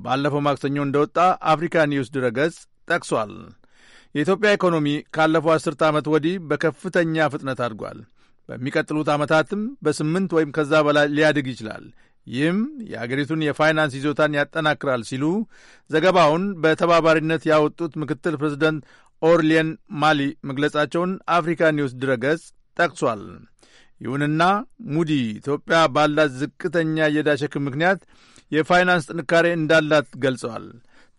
ባለፈው ማክሰኞ እንደወጣ አፍሪካ ኒውስ ድረገጽ ጠቅሷል። የኢትዮጵያ ኢኮኖሚ ካለፈው አስርተ ዓመት ወዲህ በከፍተኛ ፍጥነት አድጓል። በሚቀጥሉት ዓመታትም በስምንት ወይም ከዛ በላይ ሊያድግ ይችላል። ይህም የአገሪቱን የፋይናንስ ይዞታን ያጠናክራል ሲሉ ዘገባውን በተባባሪነት ያወጡት ምክትል ፕሬዚደንት ኦርሊየን ማሊ መግለጻቸውን አፍሪካ ኒውስ ድረገጽ ጠቅሷል። ይሁንና ሙዲ ኢትዮጵያ ባላት ዝቅተኛ የዕዳ ሸክም ምክንያት የፋይናንስ ጥንካሬ እንዳላት ገልጸዋል።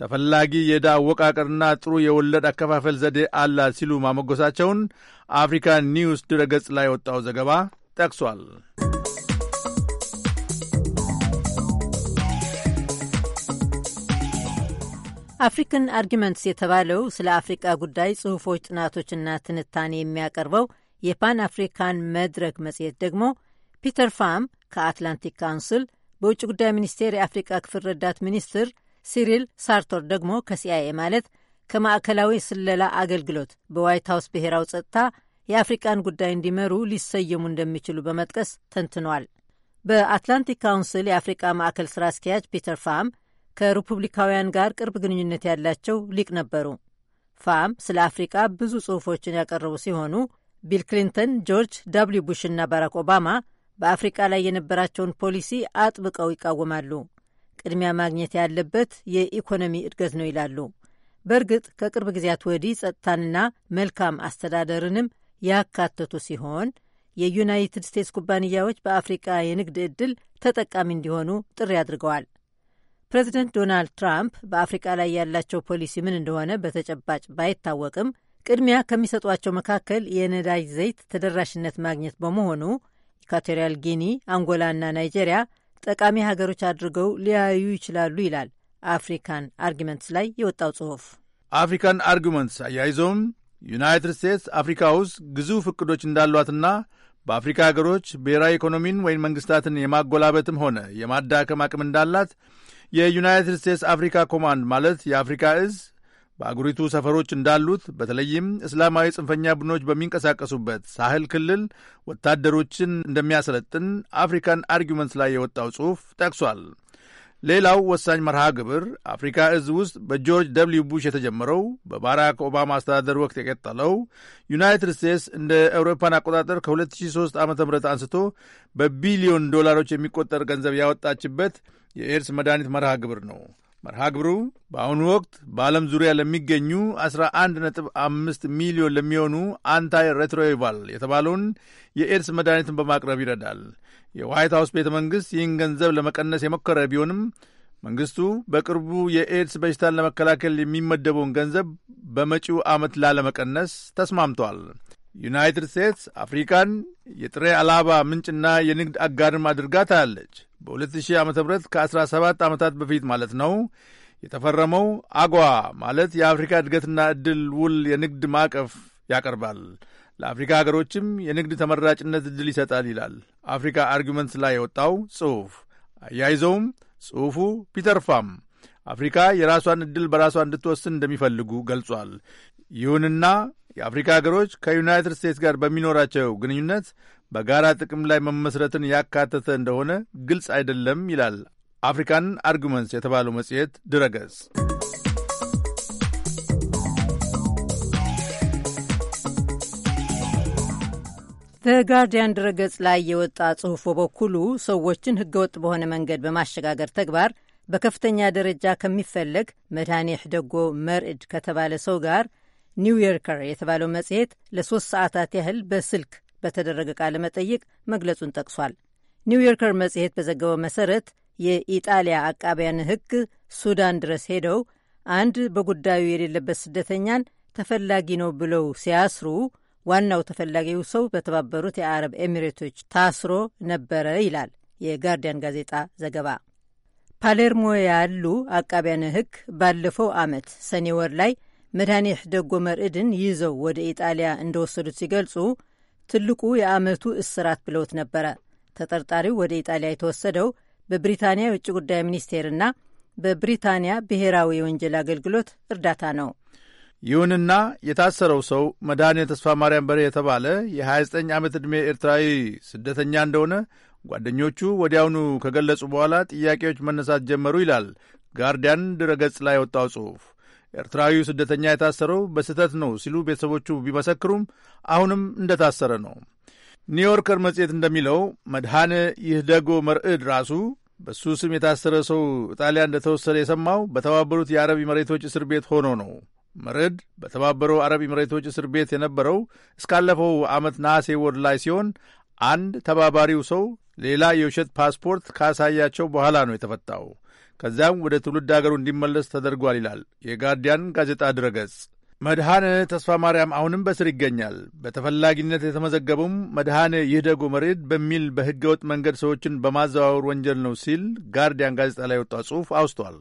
ተፈላጊ የዕዳ አወቃቀርና ጥሩ የወለድ አከፋፈል ዘዴ አላት ሲሉ ማሞገሳቸውን አፍሪካ ኒውስ ድረገጽ ላይ የወጣው ዘገባ ጠቅሷል። አፍሪካን አርጊመንትስ የተባለው ስለ አፍሪቃ ጉዳይ ጽሑፎች፣ ጥናቶችና ትንታኔ የሚያቀርበው የፓን አፍሪካን መድረክ መጽሔት ደግሞ ፒተር ፋም ከአትላንቲክ ካውንስል በውጭ ጉዳይ ሚኒስቴር የአፍሪቃ ክፍል ረዳት ሚኒስትር ሲሪል ሳርቶር ደግሞ ከሲአይኤ ማለት ከማዕከላዊ ስለላ አገልግሎት በዋይት ሀውስ ብሔራዊ ጸጥታ የአፍሪቃን ጉዳይ እንዲመሩ ሊሰየሙ እንደሚችሉ በመጥቀስ ተንትኗል። በአትላንቲክ ካውንስል የአፍሪቃ ማዕከል ስራ አስኪያጅ ፒተር ፋም ከሪፑብሊካውያን ጋር ቅርብ ግንኙነት ያላቸው ሊቅ ነበሩ። ፋም ስለ አፍሪቃ ብዙ ጽሑፎችን ያቀረቡ ሲሆኑ ቢል ክሊንተን፣ ጆርጅ ደብልዩ ቡሽ እና ባራክ ኦባማ በአፍሪቃ ላይ የነበራቸውን ፖሊሲ አጥብቀው ይቃወማሉ። ቅድሚያ ማግኘት ያለበት የኢኮኖሚ እድገት ነው ይላሉ። በእርግጥ ከቅርብ ጊዜያት ወዲህ ጸጥታንና መልካም አስተዳደርንም ያካተቱ ሲሆን የዩናይትድ ስቴትስ ኩባንያዎች በአፍሪቃ የንግድ ዕድል ተጠቃሚ እንዲሆኑ ጥሪ አድርገዋል። ፕሬዚደንት ዶናልድ ትራምፕ በአፍሪቃ ላይ ያላቸው ፖሊሲ ምን እንደሆነ በተጨባጭ ባይታወቅም ቅድሚያ ከሚሰጧቸው መካከል የነዳጅ ዘይት ተደራሽነት ማግኘት በመሆኑ ኢኳቶሪያል ጊኒ፣ አንጎላና ናይጄሪያ ጠቃሚ ሀገሮች አድርገው ሊያዩ ይችላሉ ይላል አፍሪካን አርጊመንትስ ላይ የወጣው ጽሑፍ። አፍሪካን አርጊመንትስ አያይዞም ዩናይትድ ስቴትስ አፍሪካ ውስጥ ግዙፍ እቅዶች እንዳሏትና በአፍሪካ ሀገሮች ብሔራዊ ኢኮኖሚን ወይም መንግስታትን የማጎላበትም ሆነ የማዳከም አቅም እንዳላት የዩናይትድ ስቴትስ አፍሪካ ኮማንድ ማለት የአፍሪካ እዝ በአገሪቱ ሰፈሮች እንዳሉት በተለይም እስላማዊ ጽንፈኛ ቡድኖች በሚንቀሳቀሱበት ሳህል ክልል ወታደሮችን እንደሚያሰለጥን አፍሪካን አርጊመንትስ ላይ የወጣው ጽሑፍ ጠቅሷል። ሌላው ወሳኝ መርሃ ግብር አፍሪካ እዝ ውስጥ በጆርጅ ደብልዩ ቡሽ የተጀመረው በባራክ ኦባማ አስተዳደር ወቅት የቀጠለው ዩናይትድ ስቴትስ እንደ አውሮፓን አቆጣጠር ከ2003 ዓ ም አንስቶ በቢሊዮን ዶላሮች የሚቆጠር ገንዘብ ያወጣችበት የኤድስ መድኃኒት መርሃ ግብር ነው። መርሃ ግብሩ በአሁኑ ወቅት በዓለም ዙሪያ ለሚገኙ 11.5 ሚሊዮን ለሚሆኑ አንታይ ሬትሮቫል የተባለውን የኤድስ መድኃኒትን በማቅረብ ይረዳል። የዋይት ሀውስ ቤተ መንግሥት ይህን ገንዘብ ለመቀነስ የሞከረ ቢሆንም መንግሥቱ በቅርቡ የኤድስ በሽታን ለመከላከል የሚመደበውን ገንዘብ በመጪው ዓመት ላለመቀነስ ተስማምቷል። ዩናይትድ ስቴትስ አፍሪካን የጥሬ አላባ ምንጭና የንግድ አጋርም አድርጋ ታያለች። በ2000 ዓ ም ከ17 ዓመታት በፊት ማለት ነው የተፈረመው አጓ ማለት የአፍሪካ እድገትና ዕድል ውል የንግድ ማዕቀፍ ያቀርባል፣ ለአፍሪካ ሀገሮችም የንግድ ተመራጭነት ዕድል ይሰጣል ይላል አፍሪካ አርጊመንትስ ላይ የወጣው ጽሑፍ። አያይዘውም ጽሑፉ ፒተር ፋም አፍሪካ የራሷን ዕድል በራሷ እንድትወስን እንደሚፈልጉ ገልጿል። ይሁንና የአፍሪካ ሀገሮች ከዩናይትድ ስቴትስ ጋር በሚኖራቸው ግንኙነት በጋራ ጥቅም ላይ መመስረትን ያካተተ እንደሆነ ግልጽ አይደለም ይላል አፍሪካን አርጉመንትስ የተባለው መጽሔት ድረገጽ። በጋርዲያን ድረገጽ ላይ የወጣ ጽሑፍ በበኩሉ ሰዎችን ህገወጥ በሆነ መንገድ በማሸጋገር ተግባር በከፍተኛ ደረጃ ከሚፈለግ መድኃኔ ደጎ መርዕድ ከተባለ ሰው ጋር ኒውዮርከር የተባለው መጽሔት ለሶስት ሰዓታት ያህል በስልክ በተደረገ ቃለ መጠይቅ መግለጹን ጠቅሷል። ኒውዮርከር መጽሔት በዘገበው መሰረት የኢጣሊያ አቃቢያን ሕግ ሱዳን ድረስ ሄደው አንድ በጉዳዩ የሌለበት ስደተኛን ተፈላጊ ነው ብለው ሲያስሩ ዋናው ተፈላጊው ሰው በተባበሩት የአረብ ኤሚሬቶች ታስሮ ነበረ ይላል የጋርዲያን ጋዜጣ ዘገባ። ፓሌርሞ ያሉ አቃቢያን ሕግ ባለፈው ዓመት ሰኔ ወር ላይ መድኃኒት ደጎ መርዕድን ይዘው ወደ ኢጣሊያ እንደወሰዱት ሲገልጹ ትልቁ የአመቱ እስራት ብለውት ነበረ። ተጠርጣሪው ወደ ኢጣሊያ የተወሰደው በብሪታንያ የውጭ ጉዳይ ሚኒስቴርና በብሪታንያ ብሔራዊ የወንጀል አገልግሎት እርዳታ ነው። ይሁንና የታሰረው ሰው መድኃኔ ተስፋ ማርያም በሬ የተባለ የ29 ዓመት ዕድሜ ኤርትራዊ ስደተኛ እንደሆነ ጓደኞቹ ወዲያውኑ ከገለጹ በኋላ ጥያቄዎች መነሳት ጀመሩ ይላል ጋርዲያን ድረገጽ ላይ የወጣው ጽሑፍ። ኤርትራዊው ስደተኛ የታሰረው በስህተት ነው ሲሉ ቤተሰቦቹ ቢመሰክሩም አሁንም እንደታሰረ ነው። ኒውዮርከር መጽሔት እንደሚለው መድሃነ ይህ ደጎ መርዕድ ራሱ በሱ ስም የታሰረ ሰው ጣሊያን እንደተወሰደ የሰማው በተባበሩት የአረብ መሬቶች እስር ቤት ሆኖ ነው። መርዕድ በተባበረው አረብ ኢመሬቶች እስር ቤት የነበረው እስካለፈው ዓመት ነሐሴ ወር ላይ ሲሆን አንድ ተባባሪው ሰው ሌላ የውሸት ፓስፖርት ካሳያቸው በኋላ ነው የተፈታው። ከዚያም ወደ ትውልድ አገሩ እንዲመለስ ተደርጓል ይላል የጋርዲያን ጋዜጣ ድረገጽ። መድሃነ ተስፋ ማርያም አሁንም በስር ይገኛል። በተፈላጊነት የተመዘገቡም መድሃነ ይህ ደጎ መሬድ በሚል በሕገ ወጥ መንገድ ሰዎችን በማዘዋወር ወንጀል ነው ሲል ጋርዲያን ጋዜጣ ላይ የወጣ ጽሑፍ አውስቷል።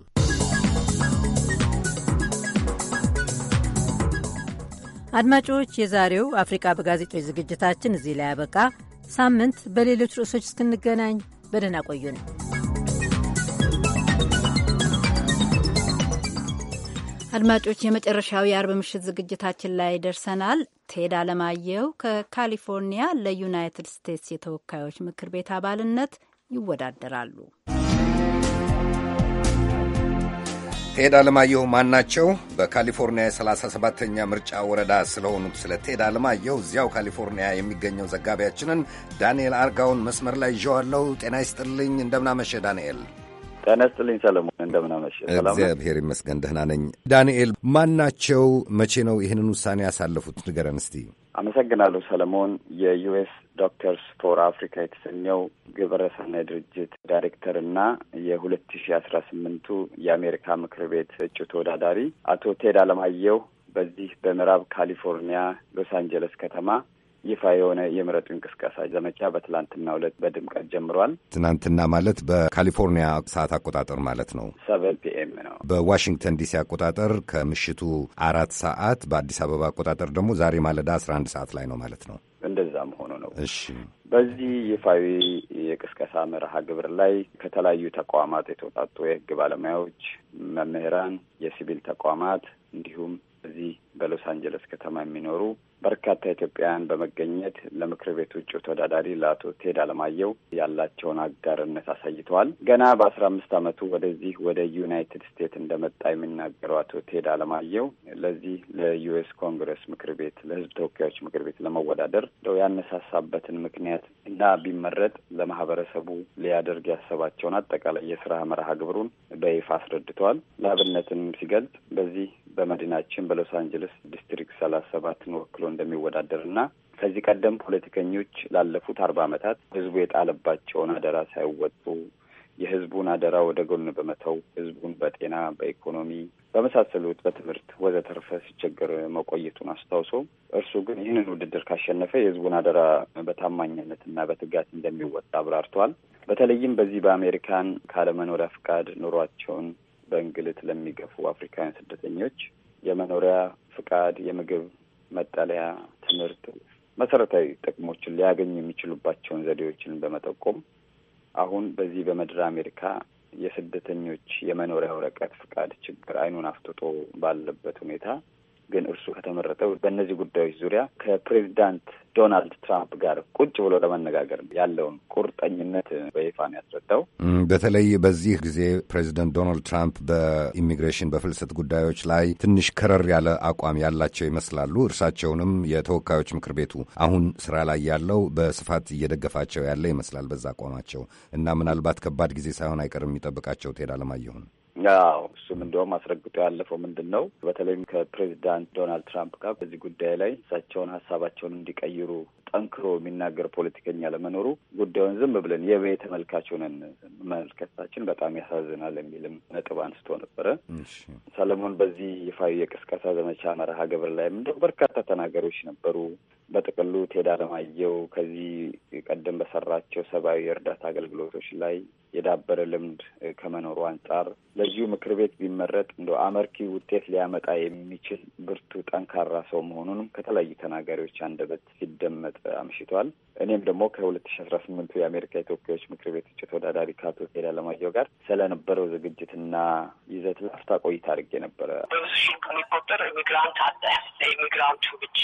አድማጮች፣ የዛሬው አፍሪቃ በጋዜጦች ዝግጅታችን እዚህ ላይ ያበቃ። ሳምንት በሌሎች ርዕሶች እስክንገናኝ በደህና ቆዩ ነው አድማጮች የመጨረሻው የአርብ ምሽት ዝግጅታችን ላይ ደርሰናል። ቴድ አለማየሁ ከካሊፎርኒያ ለዩናይትድ ስቴትስ የተወካዮች ምክር ቤት አባልነት ይወዳደራሉ። ቴድ አለማየሁ ማን ናቸው? በካሊፎርኒያ የ 37 ተኛ ምርጫ ወረዳ ስለሆኑት ስለ ቴድ አለማየሁ እዚያው ካሊፎርኒያ የሚገኘው ዘጋቢያችንን ዳንኤል አርጋውን መስመር ላይ ይዤዋለሁ። ጤና ይስጥልኝ፣ እንደምናመሸ ዳንኤል። ጤና ይስጥልኝ ሰለሞን፣ እንደምናመሽ። እግዚአብሔር ይመስገን ደህና ነኝ። ዳንኤል ማናቸው፣ መቼ ነው ይህንን ውሳኔ ያሳለፉት? ንገረን እስቲ። አመሰግናለሁ ሰለሞን። የዩኤስ ዶክተርስ ፎር አፍሪካ የተሰኘው ግብረሰናይ ድርጅት ዳይሬክተር እና የሁለት ሺ አስራ ስምንቱ የአሜሪካ ምክር ቤት እጩ ተወዳዳሪ አቶ ቴድ አለማየሁ በዚህ በምዕራብ ካሊፎርኒያ ሎስ አንጀለስ ከተማ ይፋ የሆነ የምረጡ እንቅስቃሴ ዘመቻ በትላንትና ዕለት በድምቀት ጀምሯል። ትናንትና ማለት በካሊፎርኒያ ሰዓት አቆጣጠር ማለት ነው፣ ሰቨን ፒኤም ነው። በዋሽንግተን ዲሲ አቆጣጠር ከምሽቱ አራት ሰዓት በአዲስ አበባ አቆጣጠር ደግሞ ዛሬ ማለዳ አስራ አንድ ሰዓት ላይ ነው ማለት ነው። እንደዛ መሆኑ ነው። እሺ። በዚህ ይፋዊ የቅስቀሳ መርሃ ግብር ላይ ከተለያዩ ተቋማት የተውጣጡ የህግ ባለሙያዎች፣ መምህራን፣ የሲቪል ተቋማት እንዲሁም እዚህ በሎስ አንጀለስ ከተማ የሚኖሩ በርካታ ኢትዮጵያውያን በመገኘት ለምክር ቤት ውጭ ተወዳዳሪ ለአቶ ቴድ አለማየሁ ያላቸውን አጋርነት አሳይተዋል። ገና በአስራ አምስት ዓመቱ ወደዚህ ወደ ዩናይትድ ስቴትስ እንደመጣ የሚናገረው አቶ ቴድ አለማየሁ ለዚህ ለዩኤስ ኮንግረስ ምክር ቤት ለሕዝብ ተወካዮች ምክር ቤት ለመወዳደር እንደው ያነሳሳበትን ምክንያት እና ቢመረጥ ለማህበረሰቡ ሊያደርግ ያሰባቸውን አጠቃላይ የስራ መርሃ ግብሩን በይፋ አስረድተዋል። ለአብነትም ሲገልጽ በዚህ በመዲናችን በሎስ አንጀለስ ዲስትሪክት ሰላሳ ሰባትን ወክሎ እንደሚወዳደርና ከዚህ ቀደም ፖለቲከኞች ላለፉት አርባ ዓመታት ህዝቡ የጣለባቸውን አደራ ሳይወጡ የህዝቡን አደራ ወደ ጎን በመተው ህዝቡን በጤና፣ በኢኮኖሚ፣ በመሳሰሉት በትምህርት ወዘተርፈ ሲቸገር መቆየቱን አስታውሶ እርሱ ግን ይህንን ውድድር ካሸነፈ የህዝቡን አደራ በታማኝነትና በትጋት እንደሚወጣ አብራርተዋል። በተለይም በዚህ በአሜሪካን ካለመኖሪያ ፍቃድ ኑሯቸውን በእንግልት ለሚገፉ አፍሪካውያን ስደተኞች የመኖሪያ ፍቃድ፣ የምግብ፣ መጠለያ፣ ትምህርት መሰረታዊ ጥቅሞችን ሊያገኙ የሚችሉባቸውን ዘዴዎችን በመጠቆም አሁን በዚህ በምድረ አሜሪካ የስደተኞች የመኖሪያ ወረቀት ፍቃድ ችግር አይኑን አፍጥጦ ባለበት ሁኔታ ግን እርሱ ከተመረጠው በእነዚህ ጉዳዮች ዙሪያ ከፕሬዚዳንት ዶናልድ ትራምፕ ጋር ቁጭ ብሎ ለመነጋገር ያለውን ቁርጠኝነት በይፋ ነው ያስረዳው። በተለይ በዚህ ጊዜ ፕሬዚደንት ዶናልድ ትራምፕ በኢሚግሬሽን በፍልሰት ጉዳዮች ላይ ትንሽ ከረር ያለ አቋም ያላቸው ይመስላሉ። እርሳቸውንም የተወካዮች ምክር ቤቱ አሁን ስራ ላይ ያለው በስፋት እየደገፋቸው ያለ ይመስላል በዛ አቋማቸው እና ምናልባት ከባድ ጊዜ ሳይሆን አይቀርም የሚጠብቃቸው ትሄድ አለማየሁን ያው እሱም እንደውም አስረግጦ ያለፈው ምንድን ነው በተለይም ከፕሬዚዳንት ዶናልድ ትራምፕ ጋር በዚህ ጉዳይ ላይ እሳቸውን ሀሳባቸውን እንዲቀይሩ ጠንክሮ የሚናገር ፖለቲከኛ ለመኖሩ ጉዳዩን ዝም ብለን የበይ ተመልካችንን መመልከታችን በጣም ያሳዝናል የሚልም ነጥብ አንስቶ ነበረ። ሰለሞን በዚህ ይፋዊ የቅስቀሳ ዘመቻ መርሃ ግብር ላይ እንደው በርካታ ተናጋሪዎች ነበሩ። በጥቅሉ ቴዲ አለማየሁ ከዚህ ቀደም በሰራቸው ሰብአዊ የእርዳታ አገልግሎቶች ላይ የዳበረ ልምድ ከመኖሩ አንጻር ለዚሁ ምክር ቤት ቢመረጥ እንደ አመርኪ ውጤት ሊያመጣ የሚችል ብርቱ፣ ጠንካራ ሰው መሆኑንም ከተለያዩ ተናጋሪዎች አንደበት ሲደመጥ አምሽቷል። እኔም ደግሞ ከሁለት ሺ አስራ ስምንቱ የአሜሪካ ኢትዮጵያዎች ምክር ቤት ውጭ ተወዳዳሪ ከአቶ ቴዲ አለማየሁ ጋር ስለነበረው ዝግጅትና ይዘት ላፍታ ቆይታ አድርጌ ነበረ። በብዙ ከሚቆጠር ኢሚግራንት አለ። ለኢሚግራንቱ ብቻ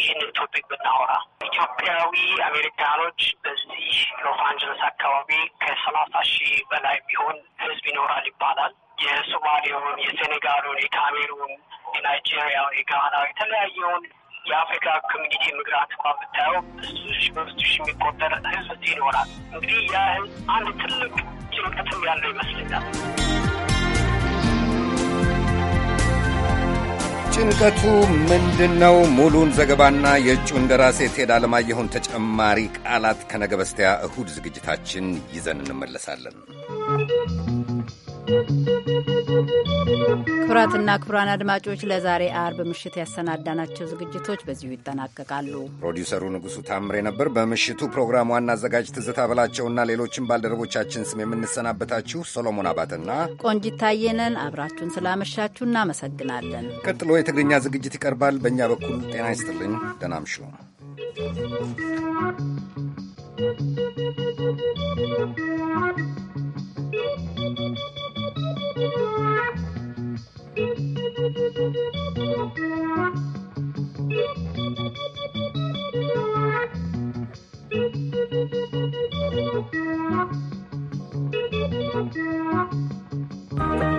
ይህን ኢትዮጵያ ቶፒክ ብናወራ ኢትዮጵያዊ አሜሪካኖች በዚህ ሎስ አንጀለስ አካባቢ ከሰላሳ ሺህ በላይ የሚሆን ህዝብ ይኖራል ይባላል። የሶማሌውን፣ የሴኔጋሉን፣ የካሜሩን፣ የናይጄሪያውን፣ የጋና የተለያየውን የአፍሪካ ኮሚኒቲ ምግራት እንኳን ብታየው ብዙ ሺ በብዙ ሺ የሚቆጠር ህዝብ እዚህ ይኖራል። እንግዲህ ያህል አንድ ትልቅ ጭንቀትም ያለው ይመስለኛል። ጭንቀቱ ምንድን ነው? ሙሉን ዘገባና የእጩን ደራሴ ቴድ አለማየሁን ተጨማሪ ቃላት ከነገ በስቲያ እሁድ ዝግጅታችን ይዘን እንመለሳለን። ክቡራትና ክቡራን አድማጮች ለዛሬ አርብ ምሽት ያሰናዳናቸው ዝግጅቶች በዚሁ ይጠናቀቃሉ። ፕሮዲውሰሩ ንጉሱ ታምሬ ነበር። በምሽቱ ፕሮግራም ዋና አዘጋጅ ትዝታ በላቸውና ሌሎችን ባልደረቦቻችን ስም የምንሰናበታችሁ ሶሎሞን አባትና ቆንጂት ታየ አብራችሁን ስላመሻችሁ እናመሰግናለን። ቀጥሎ የትግርኛ ዝግጅት ይቀርባል። በእኛ በኩል ጤና ይስጥልኝ። ደህና እምሹ።